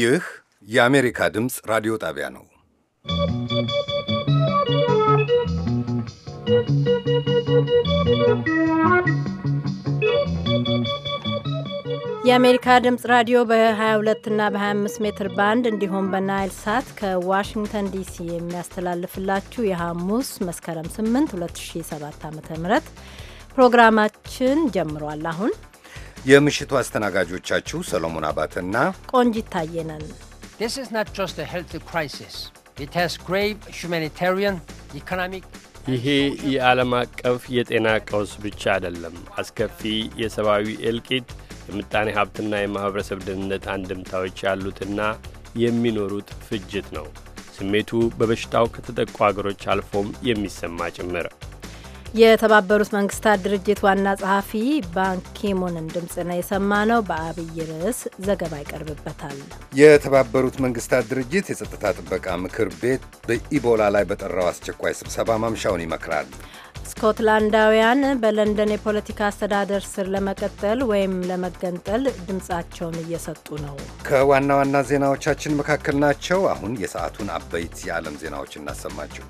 ይህ የአሜሪካ ድምፅ ራዲዮ ጣቢያ ነው። የአሜሪካ ድምፅ ራዲዮ በ22 እና በ25 ሜትር ባንድ እንዲሁም በናይል ሳት ከዋሽንግተን ዲሲ የሚያስተላልፍላችሁ የሐሙስ መስከረም 8 2007 ም ፕሮግራማችን ጀምሯል። አሁን የምሽቱ አስተናጋጆቻችሁ ሰሎሞን አባተና ቆንጂት ታየ ነን። This is not just a health crisis. It has grave humanitarian, economic ይሄ የዓለም አቀፍ የጤና ቀውስ ብቻ አይደለም። አስከፊ የሰብአዊ እልቂት፣ የምጣኔ ሀብትና የማኅበረሰብ ደህንነት አንድምታዎች ያሉትና የሚኖሩት ፍጅት ነው። ስሜቱ በበሽታው ከተጠቁ አገሮች አልፎም የሚሰማ ጭምር የተባበሩት መንግስታት ድርጅት ዋና ጸሐፊ ባንኪሙንን ድምፅ ነው በአብይ ርዕስ ዘገባ ይቀርብበታል። የተባበሩት መንግስታት ድርጅት የጸጥታ ጥበቃ ምክር ቤት በኢቦላ ላይ በጠራው አስቸኳይ ስብሰባ ማምሻውን ይመክራል። ስኮትላንዳውያን በለንደን የፖለቲካ አስተዳደር ስር ለመቀጠል ወይም ለመገንጠል ድምፃቸውን እየሰጡ ነው። ከዋና ዋና ዜናዎቻችን መካከል ናቸው። አሁን የሰዓቱን አበይት የዓለም ዜናዎች እናሰማችሁ።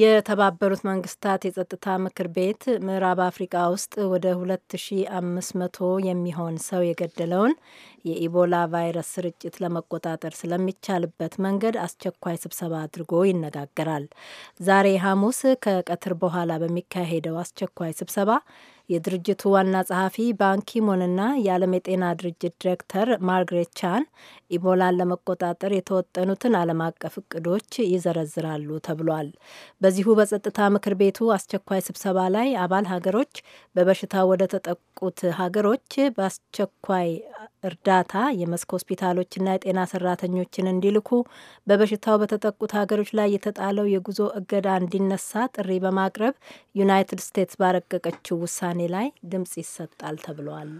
የተባበሩት መንግስታት የጸጥታ ምክር ቤት ምዕራብ አፍሪቃ ውስጥ ወደ 2500 የሚሆን ሰው የገደለውን የኢቦላ ቫይረስ ስርጭት ለመቆጣጠር ስለሚቻልበት መንገድ አስቸኳይ ስብሰባ አድርጎ ይነጋገራል። ዛሬ ሐሙስ ከቀትር በኋላ በሚካሄደው አስቸኳይ ስብሰባ የድርጅቱ ዋና ጸሐፊ ባንኪሙንና የዓለም የጤና ድርጅት ዲሬክተር ማርግሬት ቻን ኢቦላን ለመቆጣጠር የተወጠኑትን ዓለም አቀፍ እቅዶች ይዘረዝራሉ ተብሏል። በዚሁ በጸጥታ ምክር ቤቱ አስቸኳይ ስብሰባ ላይ አባል ሀገሮች በበሽታው ወደ ተጠቁት ሀገሮች በአስቸኳይ እርዳታ የመስክ ሆስፒታሎችና የጤና ሰራተኞችን እንዲልኩ፣ በበሽታው በተጠቁት ሀገሮች ላይ የተጣለው የጉዞ እገዳ እንዲነሳ ጥሪ በማቅረብ ዩናይትድ ስቴትስ ባረቀቀችው ውሳኔ ውሳኔ ላይ ድምፅ ይሰጣል ተብሏል።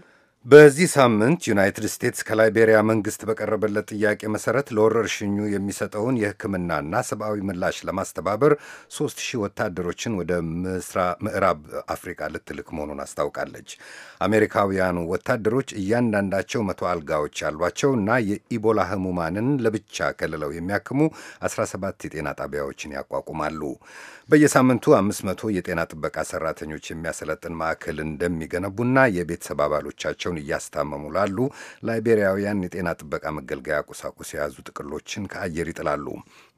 በዚህ ሳምንት ዩናይትድ ስቴትስ ከላይቤሪያ መንግስት በቀረበለት ጥያቄ መሰረት ለወረርሽኙ የሚሰጠውን የሕክምናና ሰብአዊ ምላሽ ለማስተባበር ሶስት ሺህ ወታደሮችን ወደ ምዕራብ አፍሪካ ልትልክ መሆኑን አስታውቃለች። አሜሪካውያኑ ወታደሮች እያንዳንዳቸው መቶ አልጋዎች ያሏቸው እና የኢቦላ ህሙማንን ለብቻ ከልለው የሚያክሙ 17 የጤና ጣቢያዎችን ያቋቁማሉ። በየሳምንቱ 500 የጤና ጥበቃ ሰራተኞች የሚያሰለጥን ማዕከል እንደሚገነቡና የቤተሰብ አባሎቻቸውን እያስታመሙ ላሉ ላይቤሪያውያን የጤና ጥበቃ መገልገያ ቁሳቁስ የያዙ ጥቅሎችን ከአየር ይጥላሉ።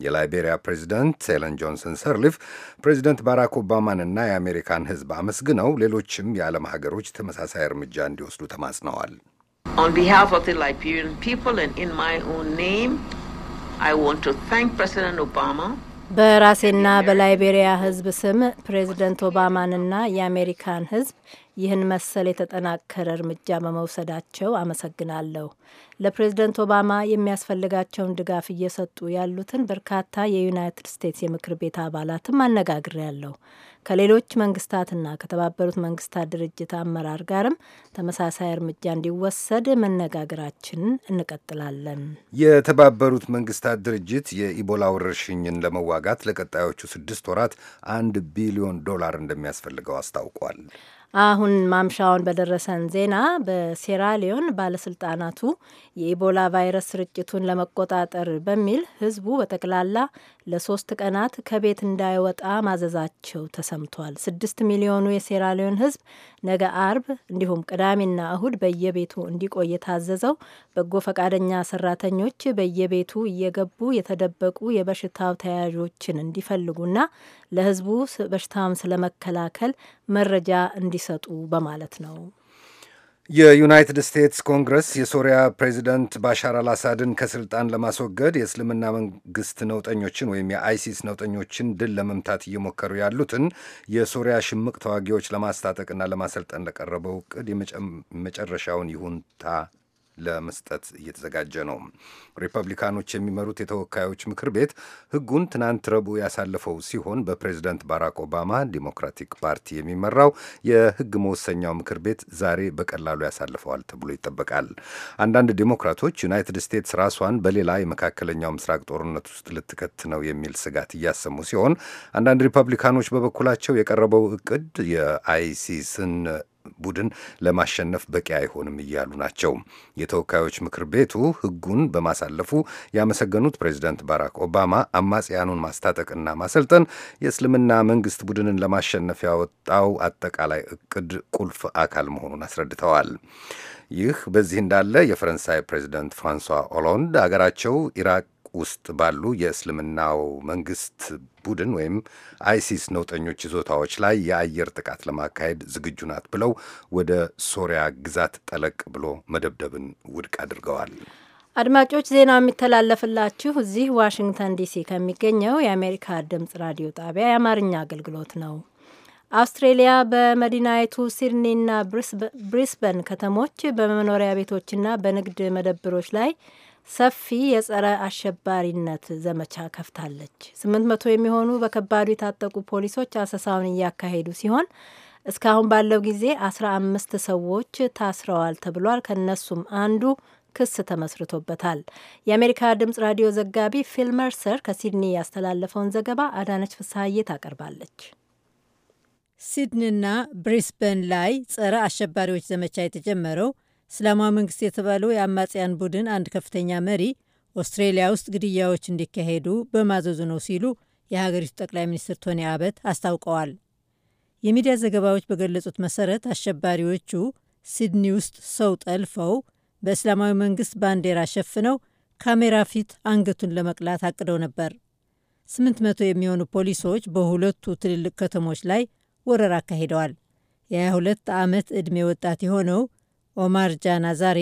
የላይቤሪያ ፕሬዚደንት ኤለን ጆንሰን ሰርሊፍ ፕሬዚደንት ባራክ ኦባማንና የአሜሪካን ሕዝብ አመስግነው ሌሎችም የዓለም ሀገሮች ተመሳሳይ እርምጃ እንዲወስዱ ተማጽነዋል። On behalf of the Liberian people and in my own name, I want to thank President Obama. በራሴና በላይቤሪያ ህዝብ ስም ፕሬዝደንት ኦባማንና የአሜሪካን ህዝብ ይህን መሰል የተጠናከረ እርምጃ በመውሰዳቸው አመሰግናለሁ። ለፕሬዝደንት ኦባማ የሚያስፈልጋቸውን ድጋፍ እየሰጡ ያሉትን በርካታ የዩናይትድ ስቴትስ የምክር ቤት አባላትም አነጋግሬያለሁ። ከሌሎች መንግስታትና ከተባበሩት መንግስታት ድርጅት አመራር ጋርም ተመሳሳይ እርምጃ እንዲወሰድ መነጋገራችንን እንቀጥላለን። የተባበሩት መንግስታት ድርጅት የኢቦላ ወረርሽኝን ለመዋጋት ለቀጣዮቹ ስድስት ወራት አንድ ቢሊዮን ዶላር እንደሚያስፈልገው አስታውቋል። አሁን ማምሻውን በደረሰን ዜና በሴራሊዮን ባለስልጣናቱ የኢቦላ ቫይረስ ስርጭቱን ለመቆጣጠር በሚል ህዝቡ በጠቅላላ ለሶስት ቀናት ከቤት እንዳይወጣ ማዘዛቸው ተሰምቷል። ስድስት ሚሊዮኑ የሴራሊዮን ህዝብ ነገ አርብ እንዲሁም ቅዳሜና እሁድ በየቤቱ እንዲቆይ የታዘዘው በጎ ፈቃደኛ ሰራተኞች በየቤቱ እየገቡ የተደበቁ የበሽታው ተያዦችን እንዲፈልጉና ለህዝቡ በሽታውን ስለመከላከል መረጃ እንዲ እንዲሰጡ በማለት ነው። የዩናይትድ ስቴትስ ኮንግረስ የሶሪያ ፕሬዚደንት ባሻር አልአሳድን ከስልጣን ለማስወገድ የእስልምና መንግስት ነውጠኞችን ወይም የአይሲስ ነውጠኞችን ድል ለመምታት እየሞከሩ ያሉትን የሶሪያ ሽምቅ ተዋጊዎች ለማስታጠቅና ለማሰልጠን ለቀረበው እቅድ የመጨረሻውን ይሁንታ ለመስጠት እየተዘጋጀ ነው። ሪፐብሊካኖች የሚመሩት የተወካዮች ምክር ቤት ሕጉን ትናንት ረቡዕ ያሳለፈው ሲሆን በፕሬዚደንት ባራክ ኦባማ ዲሞክራቲክ ፓርቲ የሚመራው የሕግ መወሰኛው ምክር ቤት ዛሬ በቀላሉ ያሳልፈዋል ተብሎ ይጠበቃል። አንዳንድ ዲሞክራቶች ዩናይትድ ስቴትስ ራሷን በሌላ የመካከለኛው ምስራቅ ጦርነት ውስጥ ልትከት ነው የሚል ስጋት እያሰሙ ሲሆን አንዳንድ ሪፐብሊካኖች በበኩላቸው የቀረበው እቅድ የአይሲስን ቡድን ለማሸነፍ በቂ አይሆንም እያሉ ናቸው። የተወካዮች ምክር ቤቱ ሕጉን በማሳለፉ ያመሰገኑት ፕሬዚደንት ባራክ ኦባማ አማጽያኑን ማስታጠቅና ማሰልጠን የእስልምና መንግስት ቡድንን ለማሸነፍ ያወጣው አጠቃላይ እቅድ ቁልፍ አካል መሆኑን አስረድተዋል። ይህ በዚህ እንዳለ የፈረንሳይ ፕሬዚደንት ፍራንሷ ኦሎንድ አገራቸው ኢራቅ ውስጥ ባሉ የእስልምናው መንግስት ቡድን ወይም አይሲስ ነውጠኞች ይዞታዎች ላይ የአየር ጥቃት ለማካሄድ ዝግጁ ናት ብለው ወደ ሶሪያ ግዛት ጠለቅ ብሎ መደብደብን ውድቅ አድርገዋል። አድማጮች ዜናው የሚተላለፍላችሁ እዚህ ዋሽንግተን ዲሲ ከሚገኘው የአሜሪካ ድምጽ ራዲዮ ጣቢያ የአማርኛ አገልግሎት ነው። አውስትሬሊያ በመዲናይቱ ሲድኒና ብሪስበን ከተሞች በመኖሪያ ቤቶችና በንግድ መደብሮች ላይ ሰፊ የጸረ አሸባሪነት ዘመቻ ከፍታለች። ስምንት መቶ የሚሆኑ በከባዱ የታጠቁ ፖሊሶች አሰሳውን እያካሄዱ ሲሆን እስካሁን ባለው ጊዜ አስራ አምስት ሰዎች ታስረዋል ተብሏል። ከነሱም አንዱ ክስ ተመስርቶበታል። የአሜሪካ ድምጽ ራዲዮ ዘጋቢ ፊል መርሰር ከሲድኒ ያስተላለፈውን ዘገባ አዳነች ፍስሀዬ ታቀርባለች። ሲድኒና ብሪስበን ላይ ጸረ አሸባሪዎች ዘመቻ የተጀመረው እስላማዊ መንግስት የተባለው የአማጽያን ቡድን አንድ ከፍተኛ መሪ ኦስትሬሊያ ውስጥ ግድያዎች እንዲካሄዱ በማዘዙ ነው ሲሉ የሀገሪቱ ጠቅላይ ሚኒስትር ቶኒ አበት አስታውቀዋል። የሚዲያ ዘገባዎች በገለጹት መሰረት አሸባሪዎቹ ሲድኒ ውስጥ ሰው ጠልፈው በእስላማዊ መንግስት ባንዲራ ሸፍነው ካሜራ ፊት አንገቱን ለመቅላት አቅደው ነበር። 800 የሚሆኑ ፖሊሶች በሁለቱ ትልልቅ ከተሞች ላይ ወረራ አካሂደዋል። የ22 ዓመት ዕድሜ ወጣት የሆነው ኦማር ጃና ዛሬ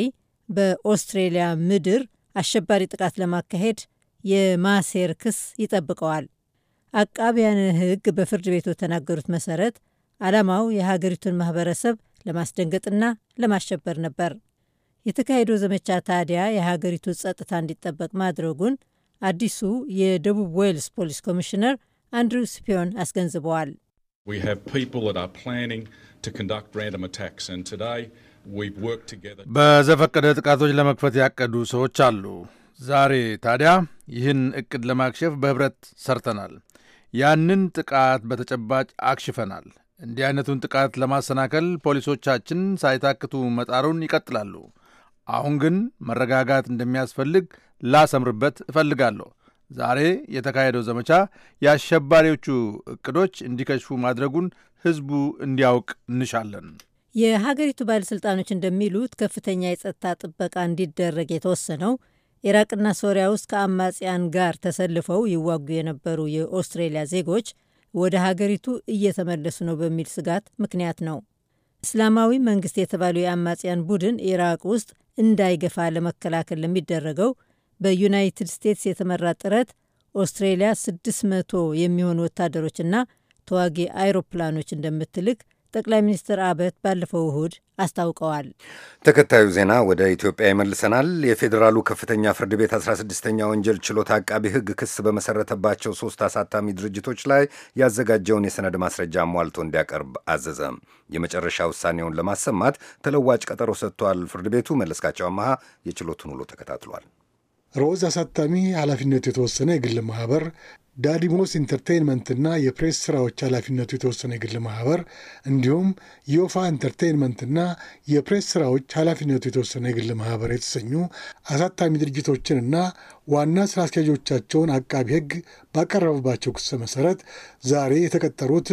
በኦስትሬሊያ ምድር አሸባሪ ጥቃት ለማካሄድ የማሴር ክስ ይጠብቀዋል። አቃቢያን ሕግ በፍርድ ቤቱ የተናገሩት መሰረት ዓላማው የሀገሪቱን ማህበረሰብ ለማስደንገጥና ለማሸበር ነበር። የተካሄደው ዘመቻ ታዲያ የሀገሪቱ ጸጥታ እንዲጠበቅ ማድረጉን አዲሱ የደቡብ ዌልስ ፖሊስ ኮሚሽነር አንድሪው ስፒዮን አስገንዝበዋል። በዘፈቀደ ጥቃቶች ለመክፈት ያቀዱ ሰዎች አሉ። ዛሬ ታዲያ ይህን እቅድ ለማክሸፍ በህብረት ሰርተናል። ያንን ጥቃት በተጨባጭ አክሽፈናል። እንዲህ አይነቱን ጥቃት ለማሰናከል ፖሊሶቻችን ሳይታክቱ መጣሩን ይቀጥላሉ። አሁን ግን መረጋጋት እንደሚያስፈልግ ላሰምርበት እፈልጋለሁ። ዛሬ የተካሄደው ዘመቻ የአሸባሪዎቹ እቅዶች እንዲከሽፉ ማድረጉን ሕዝቡ እንዲያውቅ እንሻለን። የሀገሪቱ ባለሥልጣኖች እንደሚሉት ከፍተኛ የጸጥታ ጥበቃ እንዲደረግ የተወሰነው ኢራቅና ሶሪያ ውስጥ ከአማጽያን ጋር ተሰልፈው ይዋጉ የነበሩ የኦስትሬሊያ ዜጎች ወደ ሀገሪቱ እየተመለሱ ነው በሚል ስጋት ምክንያት ነው። እስላማዊ መንግስት የተባለው የአማጽያን ቡድን ኢራቅ ውስጥ እንዳይገፋ ለመከላከል ለሚደረገው በዩናይትድ ስቴትስ የተመራ ጥረት ኦስትሬሊያ 600 የሚሆኑ ወታደሮችና ተዋጊ አይሮፕላኖች እንደምትልክ ጠቅላይ ሚኒስትር አበት ባለፈው እሁድ አስታውቀዋል። ተከታዩ ዜና ወደ ኢትዮጵያ ይመልሰናል። የፌዴራሉ ከፍተኛ ፍርድ ቤት 16ኛ ወንጀል ችሎት አቃቢ ሕግ ክስ በመሰረተባቸው ሶስት አሳታሚ ድርጅቶች ላይ ያዘጋጀውን የሰነድ ማስረጃ አሟልቶ እንዲያቀርብ አዘዘ። የመጨረሻ ውሳኔውን ለማሰማት ተለዋጭ ቀጠሮ ሰጥቷል። ፍርድ ቤቱ መለስካቸው አመሃ የችሎቱን ውሎ ተከታትሏል። ሮዝ አሳታሚ ኃላፊነቱ የተወሰነ የግል ማህበር፣ ዳዲሞስ ኢንተርቴይንመንትና የፕሬስ ስራዎች ኃላፊነቱ የተወሰነ የግል ማህበር እንዲሁም ዮፋ ኢንተርቴይንመንትና የፕሬስ ስራዎች ኃላፊነቱ የተወሰነ የግል ማህበር የተሰኙ አሳታሚ ድርጅቶችንና ዋና ስራ አስኪያጆቻቸውን አቃቢ ህግ ባቀረበባቸው ክስ መሰረት ዛሬ የተቀጠሩት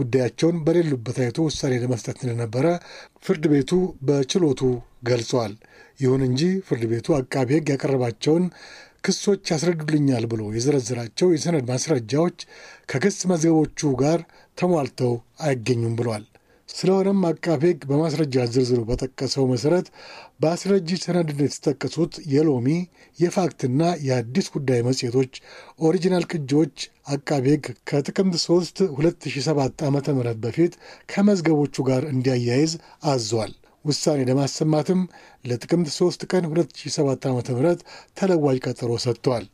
ጉዳያቸውን በሌሉበት አይቶ ውሳኔ ለመስጠት እንደነበረ ፍርድ ቤቱ በችሎቱ ገልጿል። ይሁን እንጂ ፍርድ ቤቱ አቃቢ ሕግ ያቀረባቸውን ክሶች ያስረዱልኛል ብሎ የዘረዘራቸው የሰነድ ማስረጃዎች ከክስ መዝገቦቹ ጋር ተሟልተው አይገኙም ብሏል። ስለሆነም አቃቤ ሕግ በማስረጃ ዝርዝሩ በጠቀሰው መሠረት በአስረጂ ሰነድነት የተጠቀሱት የሎሚ የፋክትና የአዲስ ጉዳይ መጽሔቶች ኦሪጂናል ቅጂዎች አቃቤ ሕግ ከጥቅምት 3 2007 ዓ ም በፊት ከመዝገቦቹ ጋር እንዲያያይዝ አዟል። ውሳኔ ለማሰማትም ለጥቅምት 3 ቀን 2007 ዓ ም ተለዋጅ ቀጠሮ ሰጥቷል።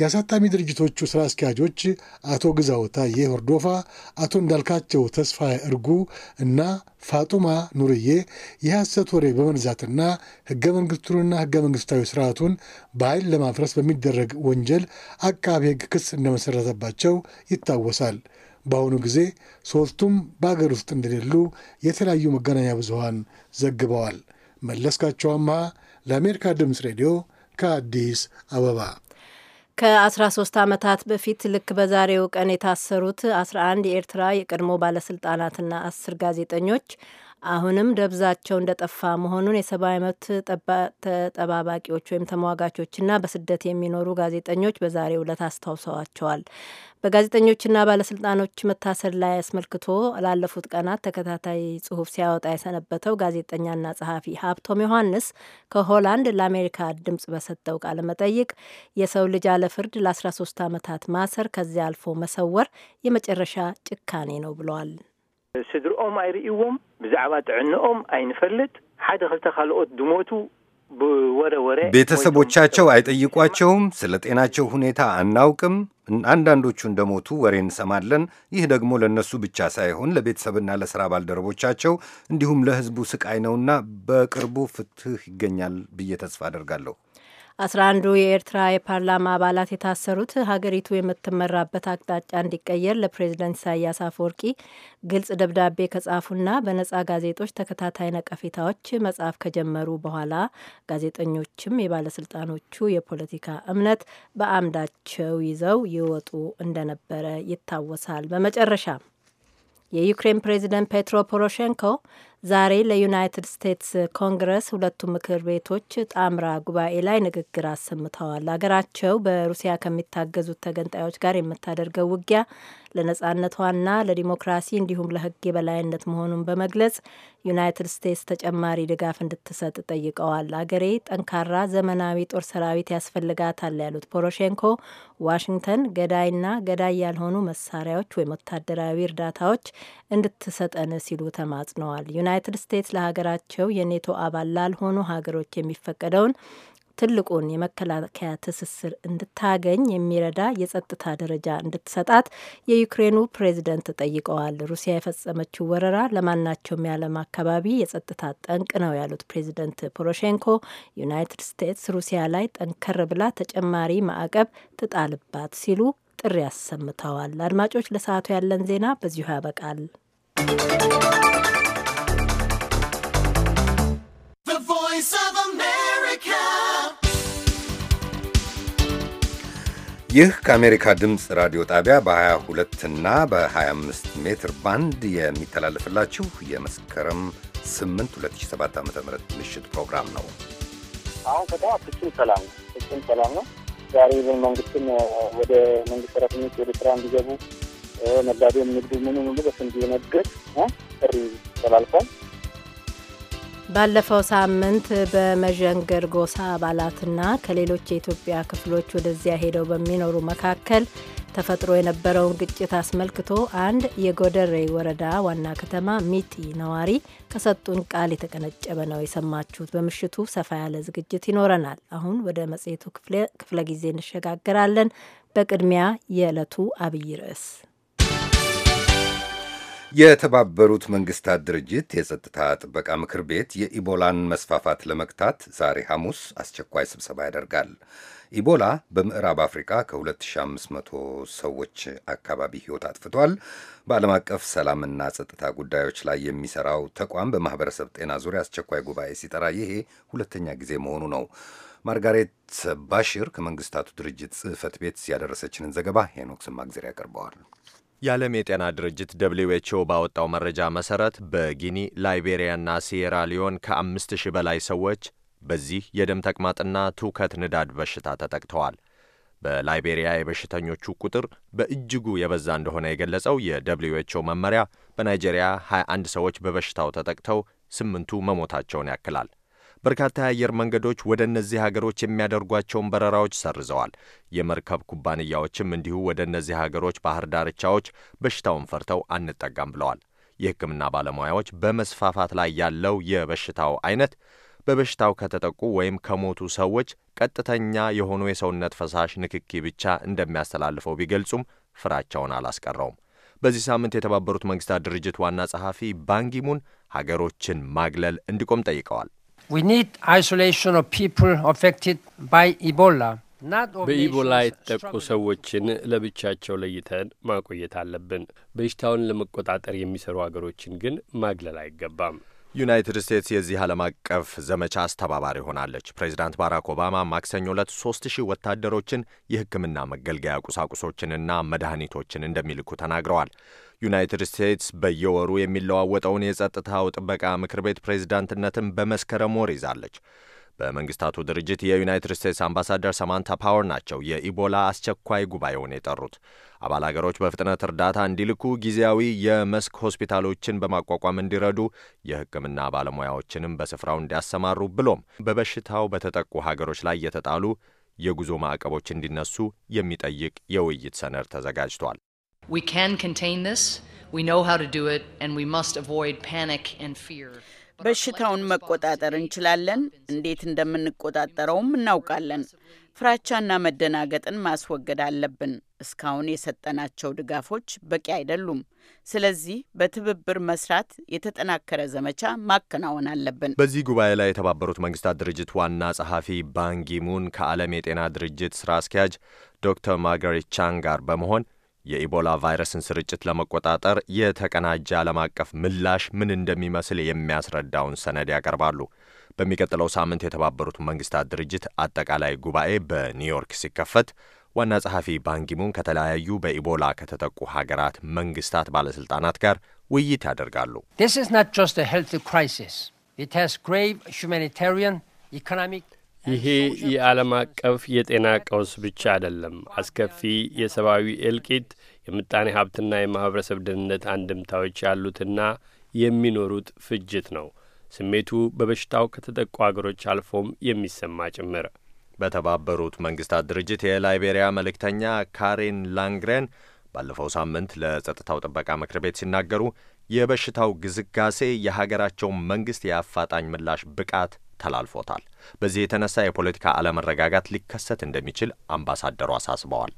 የአሳታሚ ድርጅቶቹ ሥራ አስኪያጆች አቶ ግዛው ታዬ ሆርዶፋ፣ አቶ እንዳልካቸው ተስፋ እርጉ እና ፋጡማ ኑርዬ የሐሰት ወሬ በመንዛትና ሕገ መንግሥቱንና ሕገ መንግሥታዊ ስርዓቱን በኃይል ለማፍረስ በሚደረግ ወንጀል አቃቤ ህግ ክስ እንደመሰረተባቸው ይታወሳል። በአሁኑ ጊዜ ሦስቱም በአገር ውስጥ እንደሌሉ የተለያዩ መገናኛ ብዙሃን ዘግበዋል። መለስካቸው አምሃ ለአሜሪካ ድምፅ ሬዲዮ ከአዲስ አበባ ከ13 ዓመታት በፊት ልክ በዛሬው ቀን የታሰሩት 11 የኤርትራ የቀድሞ ባለስልጣናትና አስር ጋዜጠኞች አሁንም ደብዛቸው እንደጠፋ መሆኑን የሰብአዊ መብት ተጠባባቂዎች ወይም ተሟጋቾችና በስደት የሚኖሩ ጋዜጠኞች በዛሬው ዕለት አስታውሰዋቸዋል። በጋዜጠኞችና ባለስልጣኖች መታሰር ላይ አስመልክቶ ላለፉት ቀናት ተከታታይ ጽሁፍ ሲያወጣ የሰነበተው ጋዜጠኛና ጸሐፊ ሀብቶም ዮሐንስ ከሆላንድ ለአሜሪካ ድምጽ በሰጠው ቃለ መጠይቅ የሰው ልጅ አለ ፍርድ ለ13 ዓመታት ማሰር ከዚያ አልፎ መሰወር የመጨረሻ ጭካኔ ነው ብለዋል። ስድርኦም ኣይርእዎም ብዛዕባ ጥዕንኦም ኣይንፈልጥ ሓደ ክልተ ካልኦት ድሞቱ ብወረወረ ቤተሰቦቻቸው አይጠይቋቸውም። ስለ ጤናቸው ሁኔታ አናውቅም። አንዳንዶቹ እንደሞቱ ወሬ እንሰማለን። ይህ ደግሞ ለእነሱ ብቻ ሳይሆን ለቤተሰብና ለስራ ባልደረቦቻቸው እንዲሁም ለሕዝቡ ስቃይ ነውና በቅርቡ ፍትህ ይገኛል ብዬ ተስፋ አደርጋለሁ። አስራ አንዱ የኤርትራ የፓርላማ አባላት የታሰሩት ሀገሪቱ የምትመራበት አቅጣጫ እንዲቀየር ለፕሬዝደንት ኢሳያስ አፈወርቂ ግልጽ ደብዳቤ ከጻፉና በነጻ ጋዜጦች ተከታታይ ነቀፌታዎች መጻፍ ከጀመሩ በኋላ ጋዜጠኞችም የባለስልጣኖቹ የፖለቲካ እምነት በአምዳቸው ይዘው ይወጡ እንደነበረ ይታወሳል። በመጨረሻ የዩክሬን ፕሬዝደንት ፔትሮ ፖሮሼንኮ ዛሬ ለዩናይትድ ስቴትስ ኮንግረስ ሁለቱ ምክር ቤቶች ጣምራ ጉባኤ ላይ ንግግር አሰምተዋል። አገራቸው በሩሲያ ከሚታገዙት ተገንጣዮች ጋር የምታደርገው ውጊያ ለነጻነቷና ለዲሞክራሲ እንዲሁም ለሕግ የበላይነት መሆኑን በመግለጽ ዩናይትድ ስቴትስ ተጨማሪ ድጋፍ እንድትሰጥ ጠይቀዋል። አገሬ ጠንካራ ዘመናዊ ጦር ሰራዊት ያስፈልጋታል ያሉት ፖሮሼንኮ ዋሽንግተን ገዳይና ገዳይ ያልሆኑ መሳሪያዎች ወይም ወታደራዊ እርዳታዎች እንድትሰጠን ሲሉ ተማጽነዋል። ዩናይትድ ስቴትስ ለሀገራቸው የኔቶ አባል ላልሆኑ ሀገሮች የሚፈቀደውን ትልቁን የመከላከያ ትስስር እንድታገኝ የሚረዳ የጸጥታ ደረጃ እንድትሰጣት የዩክሬኑ ፕሬዚደንት ጠይቀዋል። ሩሲያ የፈጸመችው ወረራ ለማናቸውም የዓለም አካባቢ የጸጥታ ጠንቅ ነው ያሉት ፕሬዚደንት ፖሮሼንኮ ዩናይትድ ስቴትስ ሩሲያ ላይ ጠንከር ብላ ተጨማሪ ማዕቀብ ትጣልባት ሲሉ ጥሪ አሰምተዋል። አድማጮች፣ ለሰዓቱ ያለን ዜና በዚሁ ያበቃል። ይህ ከአሜሪካ ድምፅ ራዲዮ ጣቢያ በ22 እና በ25 ሜትር ባንድ የሚተላለፍላችሁ የመስከረም 8 2007 ዓ ም ምሽት ፕሮግራም ነው። አሁን ከተማ ፍጹም ሰላም ነው። ፍጹም ሰላም ነው። ዛሬ ብን መንግስትም ወደ መንግስት ሰራተኞች ወደ ስራ እንዲገቡ ነጋዴም፣ ንግዱ ምኑ ሙሉ በስንዲ ነግድ ጥሪ ተላልፏል። ባለፈው ሳምንት በመዠንገር ጎሳ አባላትና ከሌሎች የኢትዮጵያ ክፍሎች ወደዚያ ሄደው በሚኖሩ መካከል ተፈጥሮ የነበረውን ግጭት አስመልክቶ አንድ የጎደሬ ወረዳ ዋና ከተማ ሚጢ ነዋሪ ከሰጡን ቃል የተቀነጨበ ነው የሰማችሁት። በምሽቱ ሰፋ ያለ ዝግጅት ይኖረናል። አሁን ወደ መጽሔቱ ክፍለ ጊዜ እንሸጋግራለን። በቅድሚያ የዕለቱ አብይ ርዕስ የተባበሩት መንግስታት ድርጅት የጸጥታ ጥበቃ ምክር ቤት የኢቦላን መስፋፋት ለመግታት ዛሬ ሐሙስ አስቸኳይ ስብሰባ ያደርጋል። ኢቦላ በምዕራብ አፍሪካ ከ2500 ሰዎች አካባቢ ሕይወት አጥፍቷል። በዓለም አቀፍ ሰላምና ጸጥታ ጉዳዮች ላይ የሚሰራው ተቋም በማህበረሰብ ጤና ዙሪያ አስቸኳይ ጉባኤ ሲጠራ ይሄ ሁለተኛ ጊዜ መሆኑ ነው። ማርጋሬት ባሽር ከመንግስታቱ ድርጅት ጽሕፈት ቤት ያደረሰችንን ዘገባ ሄኖክ ስማግዜር ያቀርበዋል። የዓለም የጤና ድርጅት ደብሊው ኤች ኦ ባወጣው መረጃ መሠረት በጊኒ ላይቤሪያና ሲየራ ሊዮን ከአምስት ሺህ በላይ ሰዎች በዚህ የደም ተቅማጥና ትውከት ንዳድ በሽታ ተጠቅተዋል። በላይቤሪያ የበሽተኞቹ ቁጥር በእጅጉ የበዛ እንደሆነ የገለጸው የደብሊው ኤች ኦ መመሪያ በናይጄሪያ 21 ሰዎች በበሽታው ተጠቅተው ስምንቱ መሞታቸውን ያክላል። በርካታ የአየር መንገዶች ወደ እነዚህ ሀገሮች የሚያደርጓቸውን በረራዎች ሰርዘዋል። የመርከብ ኩባንያዎችም እንዲሁ ወደ እነዚህ ሀገሮች ባህር ዳርቻዎች በሽታውን ፈርተው አንጠጋም ብለዋል። የሕክምና ባለሙያዎች በመስፋፋት ላይ ያለው የበሽታው አይነት በበሽታው ከተጠቁ ወይም ከሞቱ ሰዎች ቀጥተኛ የሆኑ የሰውነት ፈሳሽ ንክኪ ብቻ እንደሚያስተላልፈው ቢገልጹም ፍራቸውን አላስቀረውም። በዚህ ሳምንት የተባበሩት መንግስታት ድርጅት ዋና ጸሐፊ ባንኪሙን ሀገሮችን ማግለል እንዲቆም ጠይቀዋል። በኢቦላ የተጠቁ ሰዎችን ለብቻቸው ለይተን ማቆየት አለብን። በሽታውን ለመቆጣጠር የሚሰሩ አገሮችን ግን ማግለል አይገባም። ዩናይትድ ስቴትስ የዚህ ዓለም አቀፍ ዘመቻ አስተባባሪ ሆናለች። ፕሬዚዳንት ባራክ ኦባማ ማክሰኞ ዕለት ሶስት ሺህ ወታደሮችን የሕክምና መገልገያ ቁሳቁሶችንና መድኃኒቶችን እንደሚልኩ ተናግረዋል። ዩናይትድ ስቴትስ በየወሩ የሚለዋወጠውን የጸጥታው ጥበቃ ምክር ቤት ፕሬዚዳንትነትን በመስከረም ወር ይዛለች። በመንግስታቱ ድርጅት የዩናይትድ ስቴትስ አምባሳደር ሰማንታ ፓወር ናቸው የኢቦላ አስቸኳይ ጉባኤውን የጠሩት። አባል አገሮች በፍጥነት እርዳታ እንዲልኩ፣ ጊዜያዊ የመስክ ሆስፒታሎችን በማቋቋም እንዲረዱ፣ የሕክምና ባለሙያዎችንም በስፍራው እንዲያሰማሩ፣ ብሎም በበሽታው በተጠቁ ሀገሮች ላይ የተጣሉ የጉዞ ማዕቀቦች እንዲነሱ የሚጠይቅ የውይይት ሰነድ ተዘጋጅቷል። በሽታውን መቆጣጠር እንችላለን። እንዴት እንደምንቆጣጠረውም እናውቃለን። ፍራቻና መደናገጥን ማስወገድ አለብን። እስካሁን የሰጠናቸው ድጋፎች በቂ አይደሉም። ስለዚህ በትብብር መስራት፣ የተጠናከረ ዘመቻ ማከናወን አለብን። በዚህ ጉባኤ ላይ የተባበሩት መንግስታት ድርጅት ዋና ጸሐፊ ባንጊሙን ከዓለም የጤና ድርጅት ስራ አስኪያጅ ዶክተር ማርጋሬት ቻን ጋር በመሆን የኢቦላ ቫይረስን ስርጭት ለመቆጣጠር የተቀናጀ ዓለም አቀፍ ምላሽ ምን እንደሚመስል የሚያስረዳውን ሰነድ ያቀርባሉ። በሚቀጥለው ሳምንት የተባበሩት መንግስታት ድርጅት አጠቃላይ ጉባኤ በኒውዮርክ ሲከፈት ዋና ጸሐፊ ባንኪሙን ከተለያዩ በኢቦላ ከተጠቁ ሀገራት መንግስታት ባለሥልጣናት ጋር ውይይት ያደርጋሉ። ይሄ የዓለም አቀፍ የጤና ቀውስ ብቻ አይደለም። አስከፊ የሰብአዊ እልቂት፣ የምጣኔ ሀብትና የማኅበረሰብ ደህንነት አንድምታዎች ያሉትና የሚኖሩት ፍጅት ነው። ስሜቱ በበሽታው ከተጠቁ አገሮች አልፎም የሚሰማ ጭምር። በተባበሩት መንግስታት ድርጅት የላይቤሪያ መልእክተኛ ካሬን ላንግሬን ባለፈው ሳምንት ለጸጥታው ጥበቃ ምክር ቤት ሲናገሩ የበሽታው ግዝጋሴ የሀገራቸውን መንግስት የአፋጣኝ ምላሽ ብቃት ተላልፎታል። በዚህ የተነሳ የፖለቲካ አለመረጋጋት ሊከሰት እንደሚችል አምባሳደሩ አሳስበዋል።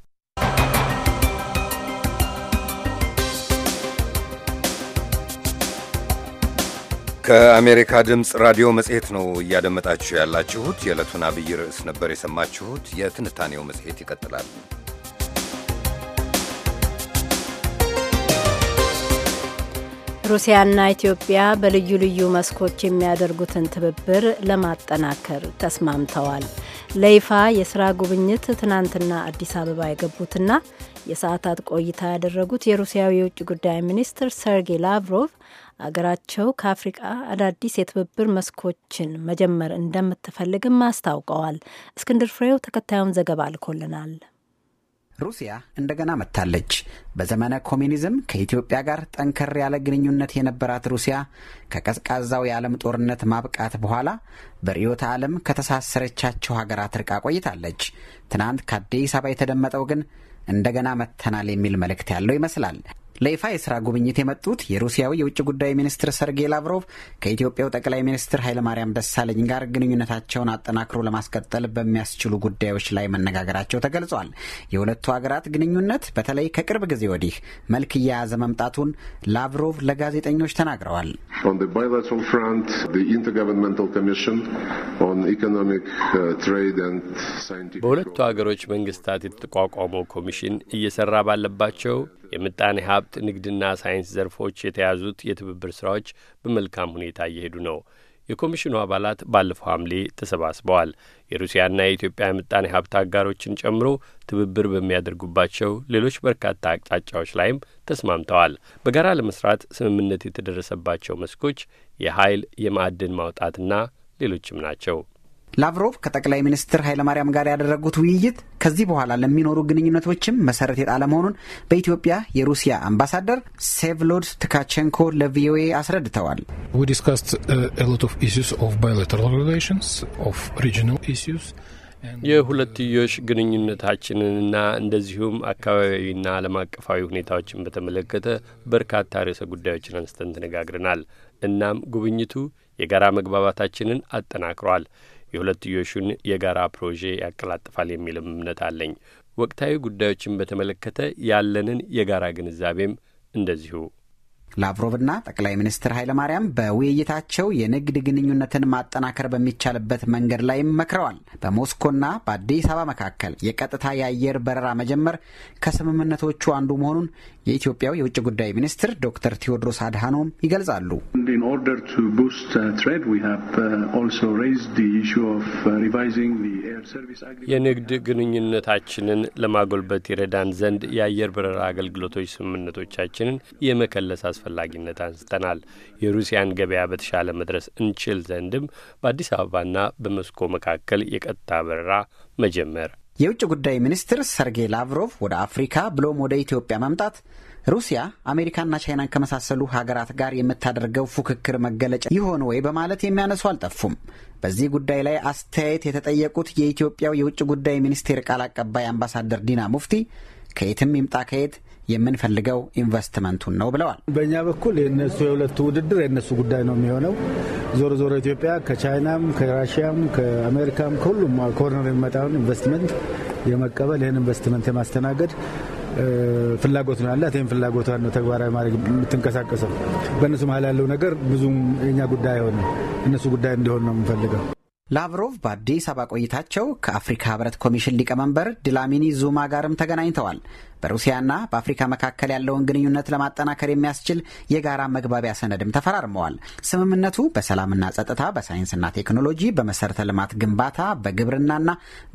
ከአሜሪካ ድምፅ ራዲዮ መጽሔት ነው እያደመጣችሁ ያላችሁት። የዕለቱን አብይ ርዕስ ነበር የሰማችሁት። የትንታኔው መጽሔት ይቀጥላል። ሩሲያና ኢትዮጵያ በልዩ ልዩ መስኮች የሚያደርጉትን ትብብር ለማጠናከር ተስማምተዋል። ለይፋ የስራ ጉብኝት ትናንትና አዲስ አበባ የገቡትና የሰዓታት ቆይታ ያደረጉት የሩሲያው የውጭ ጉዳይ ሚኒስትር ሰርጌይ ላቭሮቭ አገራቸው ከአፍሪቃ አዳዲስ የትብብር መስኮችን መጀመር እንደምትፈልግም አስታውቀዋል። እስክንድር ፍሬው ተከታዩን ዘገባ አልኮልናል። ሩሲያ እንደገና መጥታለች። በዘመነ ኮሚኒዝም ከኢትዮጵያ ጋር ጠንከር ያለ ግንኙነት የነበራት ሩሲያ ከቀዝቃዛው የዓለም ጦርነት ማብቃት በኋላ በርዕዮተ ዓለም ከተሳሰረቻቸው ሀገራት ርቃ ቆይታለች። ትናንት ከአዲስ አበባ የተደመጠው ግን እንደገና መጥተናል የሚል መልእክት ያለው ይመስላል። ለይፋ የስራ ጉብኝት የመጡት የሩሲያዊ የውጭ ጉዳይ ሚኒስትር ሰርጌይ ላቭሮቭ ከኢትዮጵያው ጠቅላይ ሚኒስትር ኃይለማርያም ደሳለኝ ጋር ግንኙነታቸውን አጠናክሮ ለማስቀጠል በሚያስችሉ ጉዳዮች ላይ መነጋገራቸው ተገልጿል። የሁለቱ ሀገራት ግንኙነት በተለይ ከቅርብ ጊዜ ወዲህ መልክ እየያዘ መምጣቱን ላቭሮቭ ለጋዜጠኞች ተናግረዋል። uh, በሁለቱ ሀገሮች መንግስታት የተቋቋመው ኮሚሽን እየሰራ ባለባቸው የምጣኔ ሀብት ንግድና ሳይንስ ዘርፎች የተያዙት የትብብር ስራዎች በመልካም ሁኔታ እየሄዱ ነው። የኮሚሽኑ አባላት ባለፈው ሐምሌ ተሰባስበዋል። የሩሲያና የኢትዮጵያ የምጣኔ ሀብት አጋሮችን ጨምሮ ትብብር በሚያደርጉባቸው ሌሎች በርካታ አቅጣጫዎች ላይም ተስማምተዋል። በጋራ ለመስራት ስምምነት የተደረሰባቸው መስኮች የኃይል፣ የማዕድን ማውጣትና ሌሎችም ናቸው። ላቭሮቭ ከጠቅላይ ሚኒስትር ኃይለማርያም ጋር ያደረጉት ውይይት ከዚህ በኋላ ለሚኖሩ ግንኙነቶችም መሰረት የጣለ መሆኑን በኢትዮጵያ የሩሲያ አምባሳደር ሴቭሎድ ትካቸንኮ ለቪኦኤ አስረድተዋል። uh, የሁለትዮሽ ግንኙነታችንንና እንደዚሁም አካባቢያዊና ዓለም አቀፋዊ ሁኔታዎችን በተመለከተ በርካታ ርዕሰ ጉዳዮችን አንስተን ተነጋግረናል። እናም ጉብኝቱ የጋራ መግባባታችንን አጠናክሯል። የሁለትዮሹን የጋራ ፕሮጄ ያቀላጥፋል የሚልም እምነት አለኝ። ወቅታዊ ጉዳዮችን በተመለከተ ያለንን የጋራ ግንዛቤም እንደዚሁ። ላቭሮቭና ጠቅላይ ሚኒስትር ኃይለማርያም በውይይታቸው የንግድ ግንኙነትን ማጠናከር በሚቻልበት መንገድ ላይም መክረዋል። በሞስኮና በአዲስ አበባ መካከል የቀጥታ የአየር በረራ መጀመር ከስምምነቶቹ አንዱ መሆኑን የኢትዮጵያው የውጭ ጉዳይ ሚኒስትር ዶክተር ቴዎድሮስ አድሃኖም ይገልጻሉ። uh, uh, የንግድ ግንኙነታችንን ለማጎልበት ይረዳን ዘንድ የአየር በረራ አገልግሎቶች ስምምነቶቻችንን የመከለስ አስፈላጊነት አንስተናል። የሩሲያን ገበያ በተሻለ መድረስ እንችል ዘንድም በአዲስ አበባና በሞስኮ መካከል የቀጥታ በረራ መጀመር የውጭ ጉዳይ ሚኒስትር ሰርጌይ ላቭሮቭ ወደ አፍሪካ ብሎም ወደ ኢትዮጵያ መምጣት ሩሲያ አሜሪካና ቻይናን ከመሳሰሉ ሀገራት ጋር የምታደርገው ፉክክር መገለጫ ይሆን ወይ በማለት የሚያነሱ አልጠፉም። በዚህ ጉዳይ ላይ አስተያየት የተጠየቁት የኢትዮጵያው የውጭ ጉዳይ ሚኒስቴር ቃል አቀባይ አምባሳደር ዲና ሙፍቲ ከየትም ይምጣ ከየት የምንፈልገው ኢንቨስትመንቱን ነው ብለዋል። በእኛ በኩል የነሱ የሁለቱ ውድድር የነሱ ጉዳይ ነው የሚሆነው። ዞሮ ዞሮ ኢትዮጵያ ከቻይናም ከራሽያም ከአሜሪካም ከሁሉም ኮርነር የሚመጣውን ኢንቨስትመንት የመቀበል ይህን ኢንቨስትመንት የማስተናገድ ፍላጎት ነው ያላት። ይህም ፍላጎቷን ነው ተግባራዊ ማድረግ የምትንቀሳቀሰው። በእነሱ መሀል ያለው ነገር ብዙም የኛ ጉዳይ አይሆንም። እነሱ ጉዳይ እንዲሆን ነው የምንፈልገው። ላቭሮቭ በአዲስ አበባ ቆይታቸው ከአፍሪካ ህብረት ኮሚሽን ሊቀመንበር ድላሚኒ ዙማ ጋርም ተገናኝተዋል። በሩሲያና በአፍሪካ መካከል ያለውን ግንኙነት ለማጠናከር የሚያስችል የጋራ መግባቢያ ሰነድም ተፈራርመዋል። ስምምነቱ በሰላምና ጸጥታ፣ በሳይንስና ቴክኖሎጂ፣ በመሰረተ ልማት ግንባታ፣ በግብርናና